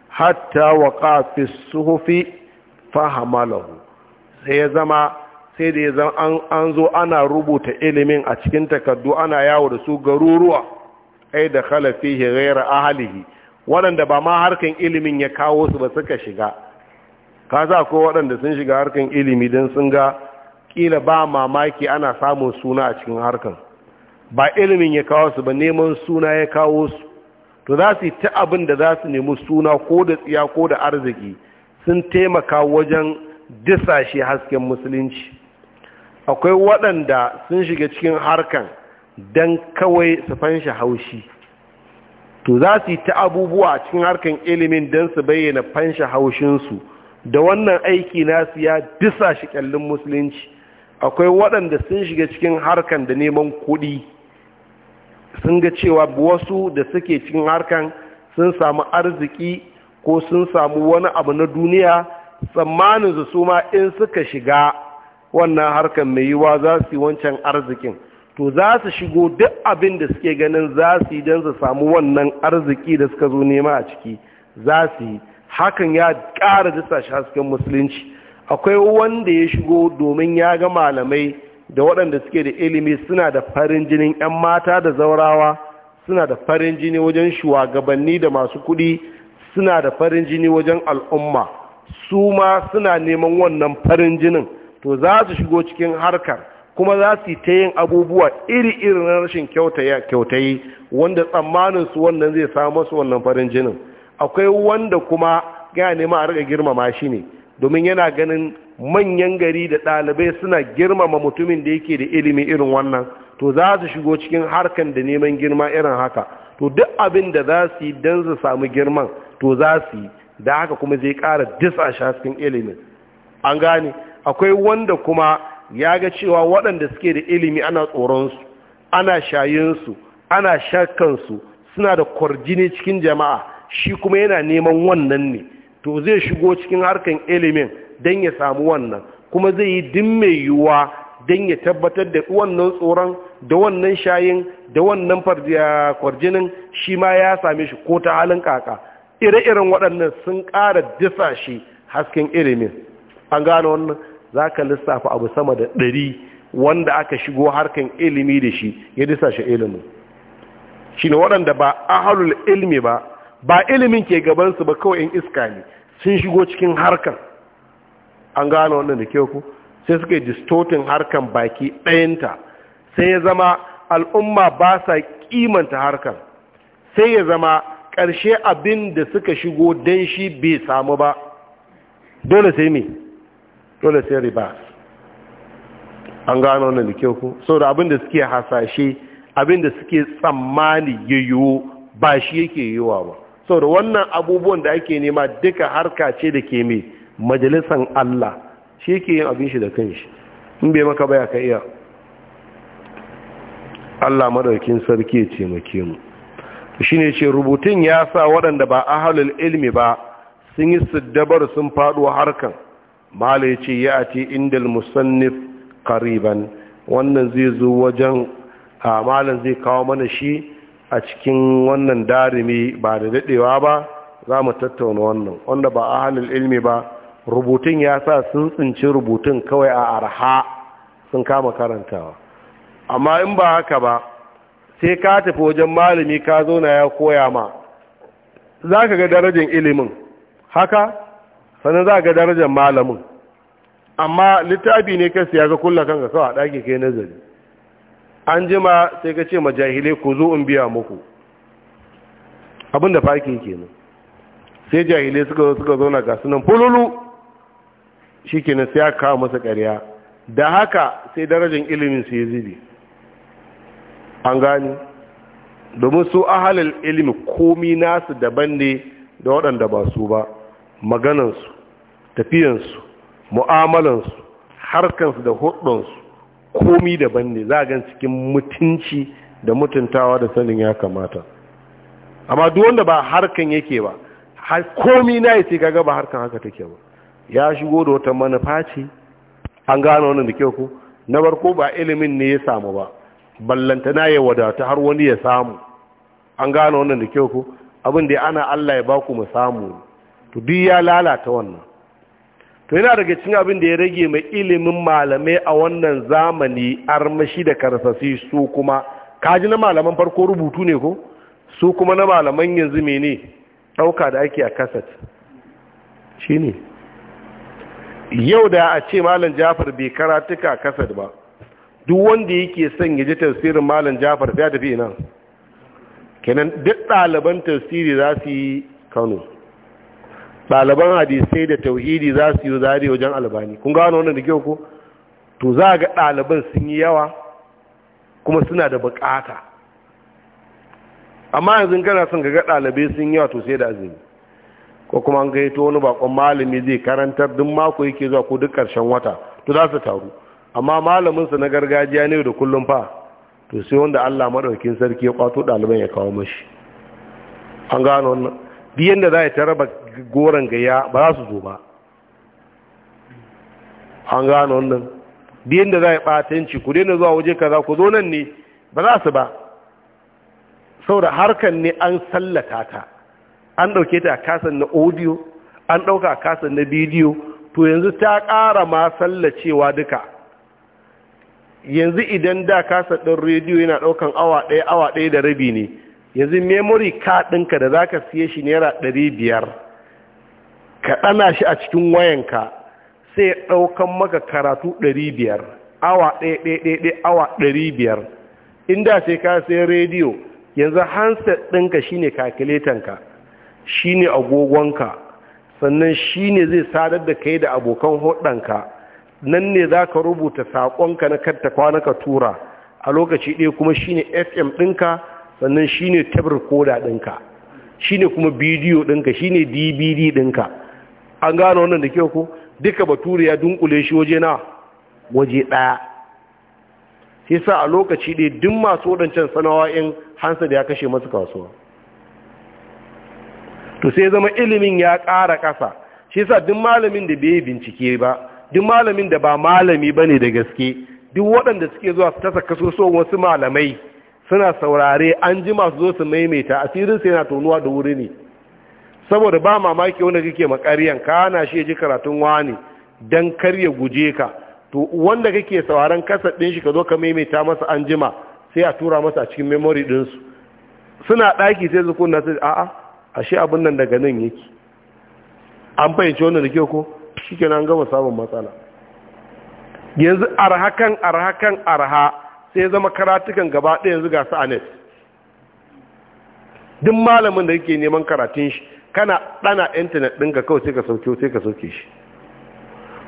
hatta wa kafis suhufi fahamalahu sai ya zama sai da ya zama an zo ana rubuta ilimin a cikin takardu ana yawo da su garuruwa ai da khalafihi ghaira ahlihi waɗanda ba ma harkan ilimin ya kawo su ba suka shiga ka za ko waɗanda sun shiga harkan ilimi don sun ga ƙila ba mamaki ana samun suna a cikin harkan ba ilimin ya kawo su ba neman suna ya kawo su to za su yi ta abin da za su nemi suna ko da tsiya ko da arziki sun taimaka wajen disashe hasken musulunci akwai waɗanda sun shiga cikin harkan don kawai su fanshi haushi to za su yi ta abubuwa a cikin harkar ilimin don su bayyana fanshi haushinsu da wannan aiki nasu ya disa shi kyallin musulunci akwai waɗanda sun shiga cikin harkar da neman kuɗi sun ga cewa wasu da suke cikin harkar sun samu arziki ko sun samu wani abu na duniya tsammanin su ma in suka shiga wannan harkar mai yiwa za su yi wancan arzikin to za su shigo duk abin da suke ganin za su yi don su samu wannan arziki da suka zo nema a ciki za su yi hakan ya ƙara dasa shi hasken musulunci akwai wanda ya shigo domin ya ga malamai da waɗanda suke da ilimi suna da farin jinin 'yan mata da zaurawa suna da farin jini wajen shugabanni da masu kuɗi suna da farin jini wajen al'umma su ma suna neman wannan farin jinin to za su shigo cikin harkar kuma za su yi ta yin abubuwa iri-iri na rashin kyautayi wanda tsammanin su wannan zai samu su wannan farin jinin akwai wanda kuma ya nema a riga girmama shi ne domin yana ganin manyan gari da ɗalibai suna girmama mutumin da yake da ilimi irin wannan to za su shigo cikin harkan da neman girma irin haka to duk abin da za su yi don su samu girman to za su yi da haka kuma zai ƙara disa shafin ilimin an gane akwai wanda kuma ya ga cewa waɗanda suke da ilimi ana tsoronsu ana shayinsu ana shakansu suna da kwarjini cikin jama'a shi kuma yana neman wannan ne to zai shigo cikin harkan ilimin don ya samu wannan kuma zai yi din mai yiwuwa don ya tabbatar da wannan tsoron da wannan shayin da wannan kwarjinin shi ma ya same shi ko ta halin kaka ire-iren waɗannan sun ƙara disa shi hasken ilimin an gano wannan za ka lissafa abu sama da ɗari wanda aka shigo harkan ilimi da shi ya disa shi ilimin shi ne waɗanda ba ahalul ilimi ba ba ilimin ke gabansu ba kawai in iska ne sun shigo cikin harkan an gano wannan da kyau ku sai suka yi distotin harkan baki ɗayanta sai ya zama al'umma ba sa kimanta harkan sai ya zama ƙarshe abin da suka shigo don shi bai samu ba dole sai mai dole sai riba an gano wannan da kyau ku saboda abin suke hasashe abin da suke tsammani yiwu ba shi yake yiwuwa ba saboda wannan abubuwan da ake nema duka harka ce da ke mai majalisan Allah shi yake yin abin shi da kanshi in bai maka baya ka iya Allah madaukin sarki ya taimake mu shine ce rubutun ya sa waɗanda ba ahlul ilmi ba sun yi siddabar sun faɗo harkan malam ya ce ya ati indal musannif kariban wannan zai zo wajen malan zai kawo mana shi a cikin wannan darimi ba da daɗewa ba za mu tattauna wannan wanda ba a halin ilmi ba rubutun ya sa sun tsinci rubutun kawai a arha sun kama karantawa amma in ba haka ba sai ka tafi wajen malami ka zo na ya koya ma za ka ga darajin ilimin haka sannan za ga darajar malamin amma littafi ne kai siya ga kulla kanka kawai a ɗaki kai nazari an jima sai ka ce ma jahilai ku zo in biya muku abinda faki kenan sai jahilai suka zo suka zauna ga sunan fululu shi ke nan siya kawo masa ƙarya da haka sai darajar ilimin su ya zibi an gani domin su ahalar ilimi komi nasu daban ne da waɗanda ba su ba maganansu tafiyansu mu'amalansu harkansu da hudunsu komi daban ne za a gan cikin mutunci da mutuntawa da sanin ya kamata amma duk wanda ba harkan yake ba komi na yi sai kaga ba harkan haka take ba ya shigo da wata manufa ce an gano wannan da kyau ko na barko ba ilimin ne ya samu ba ballanta na ya wadata har wani ya samu an gano wannan da kyau ko abin da ana Allah ya baku mu samu to duk ya lalata wannan to yana daga cikin abin da ya rage mai ilimin malamai a wannan zamani armashi da karsasi su kuma kaji na malaman farko rubutu ne ko su kuma na malaman yanzu mene ɗauka da ake a kasat shi ne yau da a ce malam jafar bai karatuka a kasat ba duk wanda yake son ya ji tafsirin malam jafar ya tafi nan kenan duk ɗaliban tafsiri za su yi kano ɗaliban hadisai da tauhidi za su yi zari wajen albani kun gano wannan da kyau ko to za ga ɗaliban sun yi yawa kuma suna da bukata amma yanzu kana sun ga ɗalibai sun yi yawa to sai da azumi ko kuma an gaito wani bakon malami zai karantar duk mako yake zuwa ko duk ƙarshen wata to za su taru amma malaminsa na gargajiya ne da kullum fa to sai wanda Allah maɗaukin sarki ya kwato ɗaliban ya kawo mashi an gano wannan duk yadda za a ta raba goron gaya ba za su zo ba an gano wannan biyan da za a yi ɓatanci ku daina zuwa waje kaza ku zo nan ne ba za su ba da harkar ne an sallata ta an ɗauke ta a kasan na audio an ɗauka a kasan na bidiyo to yanzu ta ƙara ma sallacewa duka yanzu idan da kasa ɗin rediyo yana ɗaukan awa ɗaya awa ɗaya da rabi ne yanzu memory card ɗinka da za ka siye shi naira ɗari biyar ka ɗana shi a cikin wayanka sai ya ɗaukan maka karatu 500 awa ɗaya awa 500 inda sai ka sai rediyo yanzu handset ɗinka shine kakiletanka shine agogonka sannan shine zai sadar da kai da abokan hudanka nan ne za ka rubuta saƙonka na kwana ka tura a lokaci ɗaya kuma shine fm ɗinka sannan shine tabar koda ɗinka shine kuma bidiyo ɗinka shine dvd ɗinka an gano wannan da kyau ko duka bature ya dunkule shi waje na waje ɗaya sai sa a lokaci ɗaya duk masu waɗancan sanawa in hansa da ya kashe masu kasuwa to sai zama ilimin ya ƙara ƙasa shi sa duk malamin da bai bincike ba duk malamin da ba malami ba ne da gaske duk waɗanda suke zuwa su tasa kaso wasu malamai suna saurare an ji masu zo su maimaita asirinsu yana tonuwa da wuri ne saboda ba mamaki wanda kake makariyan ka hana shi ya ji karatun wani dan karya guje ka to wanda kake sauraron kasar din shi ka zo ka maimaita masa an jima sai a tura masa a cikin memory din su suna daki sai su kunna sai a'a ashe abin nan daga nan yake an fahimci wannan da ko shikenan an gama sabon matsala yanzu arhakan arhakan arha sai zama karatukan gaba ɗaya yanzu ga su a net duk malamin da yake neman karatun shi kana ɗana intanet ɗinka kawai sai ka sauke sai ka sauke shi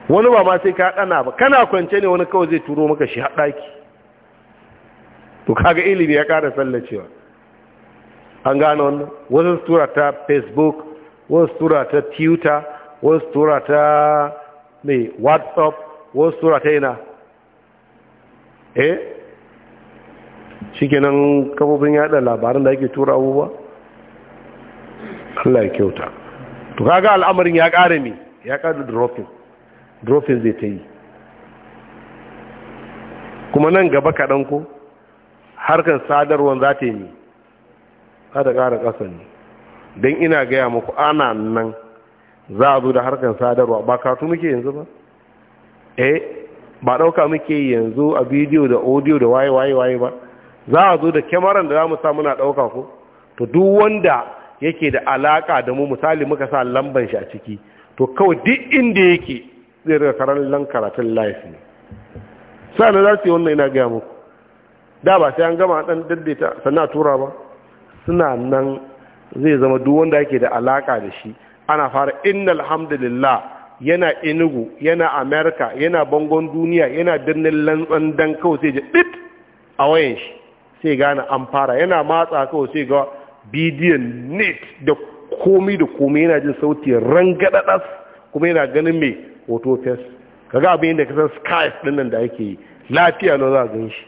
wani ba ma sai ka ɗana ba kana kwance ne wani kawai zai turo maka shi haɗaki to kaga ilimi ya ƙara sallacewa an gano wannan wasu tura ta facebook wasu tura ta twitter wasu tura ta mai whatsapp wasu tura ta yana eh shi kenan kafofin yada labaran da ake tura abubuwa Allah ya kyauta to kaga al'amarin ya ƙare ne ya da dropping dropping zai ta yi kuma nan gaba kaɗan ko harkar sadarwar za ta yi ne za ta ƙara ƙasa ne don ina gaya muku ana nan za a zo da harkar sadarwa ba katu muke yanzu ba eh ba ɗauka muke yanzu a bidiyo da audio da waye waye waye ba za a zo da kyamaran da za mu sa muna ɗauka ko to duk wanda yake da alaka da mu misali muka sa lamban shi a ciki to kawai duk inda yake zai daga karan karatun life ne sa'ana za su yi wannan ina gaya muku da ba sai an gama dan daddaita sannan tura ba suna nan zai zama duk wanda yake da alaka da shi ana fara inna alhamdulillah yana inugu yana america yana bangon duniya yana birnin lantsan dan kawai sai ji dit a wayan shi sai gane an fara yana matsa kawai sai ga bidiyon net da komi da komi yana jin sauti rangadadas kuma yana ganin mai hoto fes ga abin da kasar skype din nan da ake yi lafiya na za a gan shi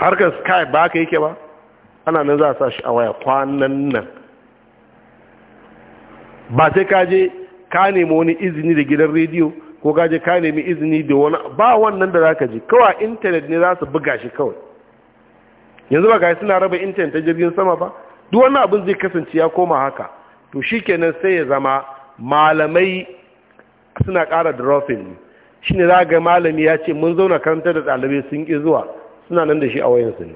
harkar skype ba ka yake ba ana nan za a sa shi a waya kwanan nan ba sai ka je ka nemi wani izini da gidan rediyo ko ka je ka nemi izini da wani ba wannan da za ka ji kawai intanet ne za su buga shi kawai yanzu ba ga suna raba intanet ta jirgin sama ba duk wannan abin zai kasance ya koma haka to shikenan sai ya zama malamai suna ƙara dropping shine za ga malami ya ce mun zauna karanta da ɗalibai sun ƙi zuwa suna nan da shi a wayansu ne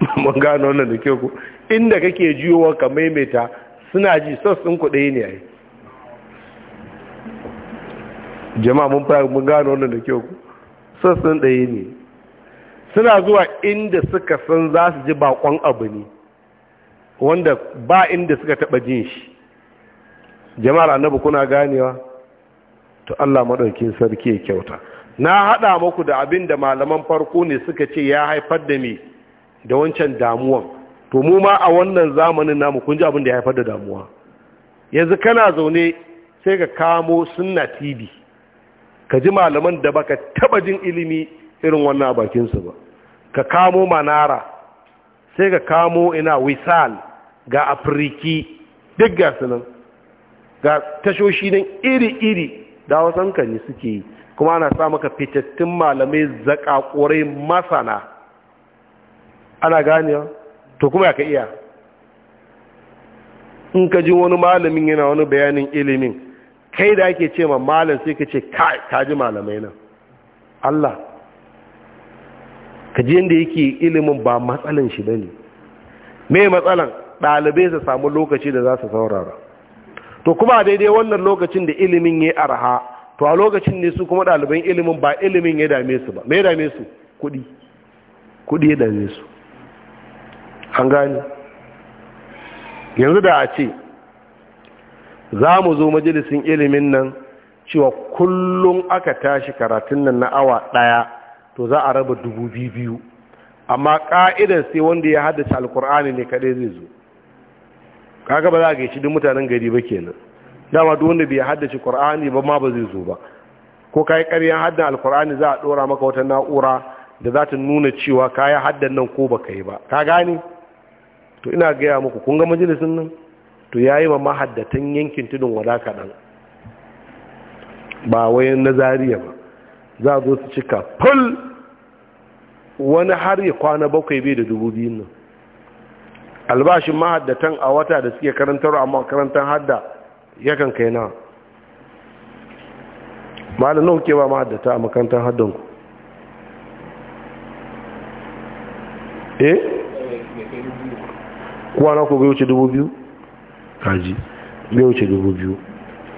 *laughs* mun gano wannan da ke ku inda kake jiyowa ka maimaita suna ji sassun kuɗe ne ai jama'a mun fara mun gano wannan da ke ku sassun ɗaya ne suna zuwa inda suka san za su ji bakon abu ne wanda ba inda suka taba jin shi jama'ar annabi kuna ganewa to Allah madaukin sarki ya kyauta na haɗa maku da abin da malaman farko ne suka ce ya haifar da me da wancan damuwan to mu ma a wannan zamanin namu kun ji abin da ya haifar da damuwa yanzu kana zaune sai ka kamo sunna tv ka ji malaman da baka taba jin ilimi irin wannan a bakinsu ba ka kamo manara sai ka kamo ina wisal ga afiriki duk gasu nan ga tashoshi nan iri-iri da wasan kanyi suke yi kuma ana sa maka fitattun malamai zakakurai masana ana ganewa to kuma ya ka iya in ka ji wani malamin yana wani bayanin ilimin kai da ake ce ma malam sai ka ce ka ji malamai nan Allah ka ji yadda yake ilimin ba matsalan shi ba ne, me matsalan ɗalibai su samu lokaci da za su saurara to kuma daidai wannan lokacin da ilimin ya arha to a lokacin ne su kuma ɗaliban ilimin ba ilimin ya dame su ba me ya dame su kuɗi kuɗi ya dame su an gani yanzu da a ce za mu zo majalisin ilimin nan cewa kullum aka tashi karatun nan na awa ɗaya to za a raba dubu biyu amma ƙa'idar sai wanda ya haddace alkur'ani ne kadai zai zo kaga ba za a gaishe duk mutanen gari ba kenan dama duk wanda bai haddace qur'ani ba ma ba zai zo ba ko kai ƙaryan haddan alkur'ani za a ɗora maka wata na'ura da za ta nuna cewa kaya haddan nan ko baka yi ba ka gane to ina gaya muku kun ga majalisin nan to yayi ma mahaddatan yankin tudun wada kaɗan ba na nazariya ba za zo su cika ful wani har ya kwana bakwai bai da dubu biyun nan albashin mahaddatan a wata da suke karantar amma karantar hadda ya kan kai na malam nawa ke ba mahaddata a makarantar haddan ku eh kwana ku bai wuce dubu biyu kaji bai wuce dubu biyu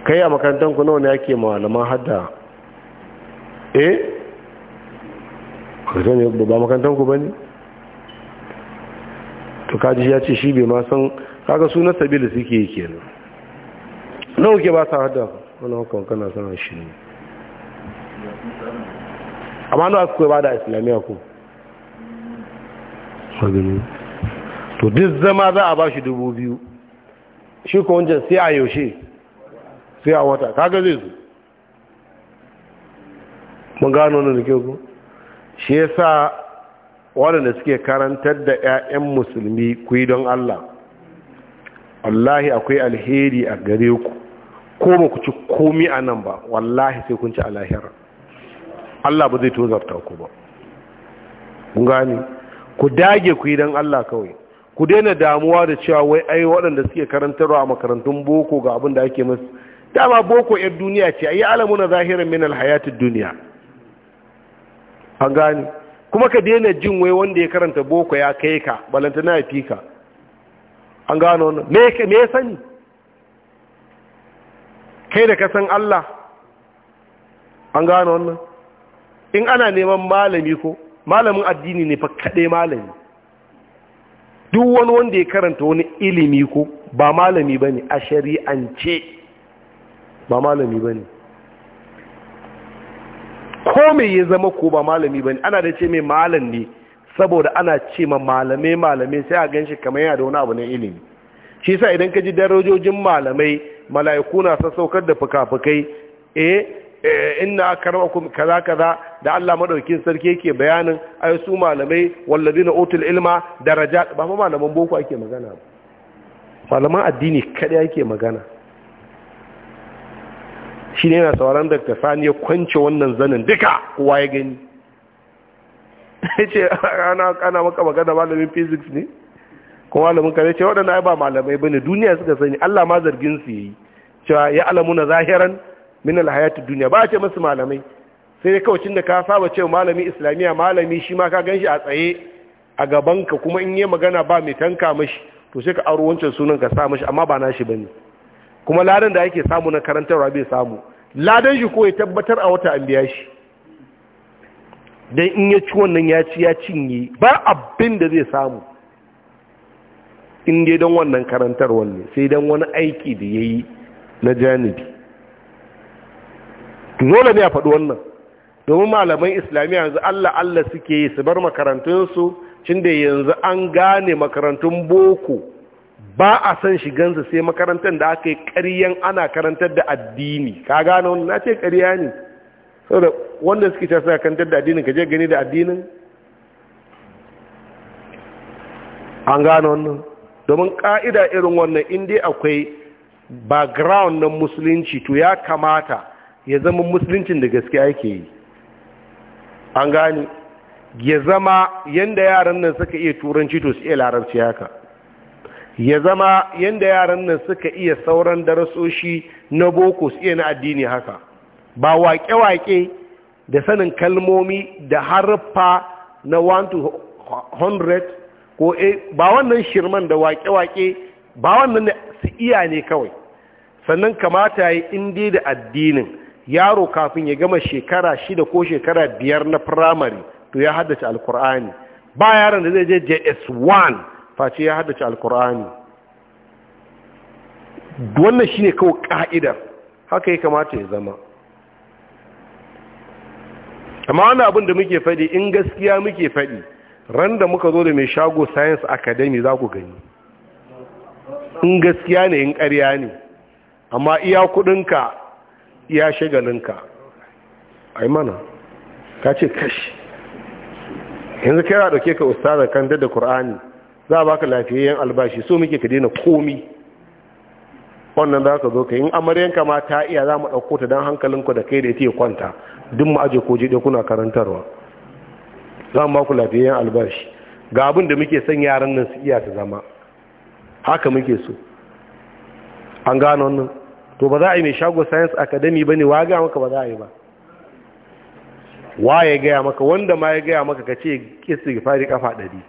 kai a makarantar ku nawa ne ake malaman hadda eh kusa ne ba makantar ku ba ne to kaji ya ce shi bai ma san kaga sunan sabili suke yi kenan nawa ke ba sa hada wani hakan kana sana shi ne amma nawa kuka ba da islamiyya ku to duk zama za a ba shi dubu biyu shi ko wancan sai a yaushe sai a wata kaga zai zo mun gano wannan da kyau shi yasa waɗanda suke karantar da 'ya'yan musulmi ku yi don Allah wallahi akwai alheri a gare ku ko ba ku ci komi a nan ba wallahi sai kun ci alahira Allah ba zai tozarta ku ba mun gani ku dage ku yi don Allah kawai ku daina damuwa da cewa wai ai waɗanda suke karantarwa a makarantun boko ga abin da ake masu dama boko 'yar duniya ce a yi alamuna zahirin min alhayatun duniya an gane kuma ka daina jin wai wanda ya karanta boko ya kai ka balantana ya fi ka an gano wannan me ya sani kai da ka san Allah an gano wannan in ana neman malami ko malamin addini ne fa kaɗai malami duk wani wanda ya karanta wani ilimi ko ba malami ba ne a shari'ance ba malami ba ne ko me ya zama ko ba malami bane ana da ce mai malam ne saboda ana ce ma malame malame sai a gan shi kamar yana da wani abu na ilimi shi yasa idan ka ji darajojin malamai mala'iku na sassaukar da fuka-fukai eh, eh inna karamakum kaza kaza da Allah maɗaukin sarki yake bayanin ai su malamai walladina utul ilma darajat ba ma malaman boko ake magana ba malaman addini kada yake magana shi ne yana sauran ta sani ya kwance wannan zanen duka kowa ya gani *laughs* ya ce ana maka magana malamin physics ne kuma malamin kare ce waɗanda ba malamai bane duniya suka sani Allah ma zargin su yi cewa ya na zahiran min alhayatid duniya ba a ce masu malamai sai dai kawacin da ka saba ce malami islamiyya malami shi ma ka gan ganshi a tsaye a gabanka kuma in yi magana ba mai tanka mashi to sai ka aro wancan sunan ka sa mashi amma ba nashi bane kuma ladan da yake samu na karantarwa bai samu ladan shi ko ya tabbatar a wata an biya shi don in ya ci wannan ya ci ya cinye ba abin da zai samu in dai don wannan karantarwar ne sai don wani aiki da ya yi na janibi dole ne a faɗi wannan domin malamai islamiyya yanzu allah allah suke yi su bar makarantunsu cin da yanzu an gane makarantun boko ba a san shigansa sai makarantar da aka yi ƙaryen ana karantar da addini ka gane wani na ce ƙarya ne saboda wanda suke ta suna karantar da addinin ka je gani da addinin an gane wannan domin ƙa'ida irin wannan inda akwai background na musulunci to ya kamata ya zama musuluncin da gaske ake yi an gane ya zama yadda yaran nan suka iya turanci to su iya larabci haka ya zama yadda yaran nan suka iya sauran darasoshi na boko su iya na addini haka ba waƙe-waƙe da sanin kalmomi da harfa na 1 to 100 ko ba wannan shirman da waƙe-waƙe ba wannan su iya ne kawai sannan kamata ya inda da addinin yaro kafin ya gama shekara shida ko shekara biyar na firamare to ya haddace alkur'ani ba yaron da zai je js 1 face ya haddace alkur'ani wannan shine kawai ka'idar haka ya kamata ya zama amma wani abin da muke faɗi in gaskiya muke faɗi ran da muka zo da mai shago science academy za ku gani in gaskiya ne in ƙarya ne amma iya kudinka iya shagalinka yi mana ka ce kashi yanzu kai ra dauke ka ustazar kan da ƙur'ani. za a baka lafiyayyen albashi so muke ka daina komi wannan za ka zo ka yi amaryanka ma ta iya za mu ɗauko ta don hankalinku da kai da ita ya kwanta duk mu aje ko jiɗe kuna karantarwa za mu baku lafiyayyen albashi ga abin da muke son yaran nan su iya su zama haka muke so an gano wannan to ba za a yi mai shago science academy ba ne waga maka ba za a yi ba wa ya gaya maka wanda ma ya gaya maka ka ce kisa fari kafa ɗari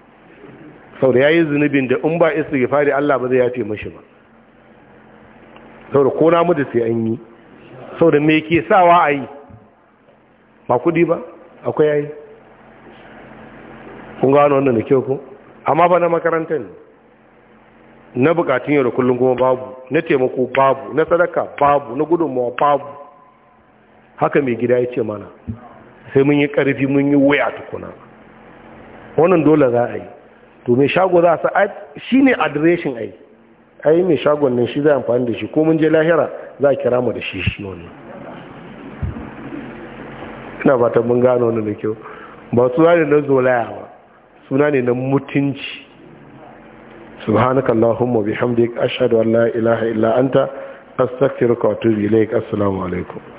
saboda yi zunubin da in ba istighfari Allah ba zai yafe mashi ba saboda ko na mutu sai an yi saboda me ke sawa a yi ba kudi ba akwai yayi kun gano wannan da kyau ko amma ba na makarantar ne na bukatun yau da kullum kuma babu na taimako babu na sadaka babu na gudunmawa babu haka mai gida ya ce mana sai mun yi karfi mun yi waya tukuna wannan dole za a yi to mai shago za su shi ne adireshin ai ai mai shagon nan shi zai amfani da shi ko mun je lahira za a kira mu da shi shi ne ina ba ta mun gano wani da kyau ba suna ne na zolaya ba suna ne na mutunci subhanakallahumma bihamdik ashhadu an la ilaha illa anta astaghfiruka wa atubu ilaik assalamu alaikum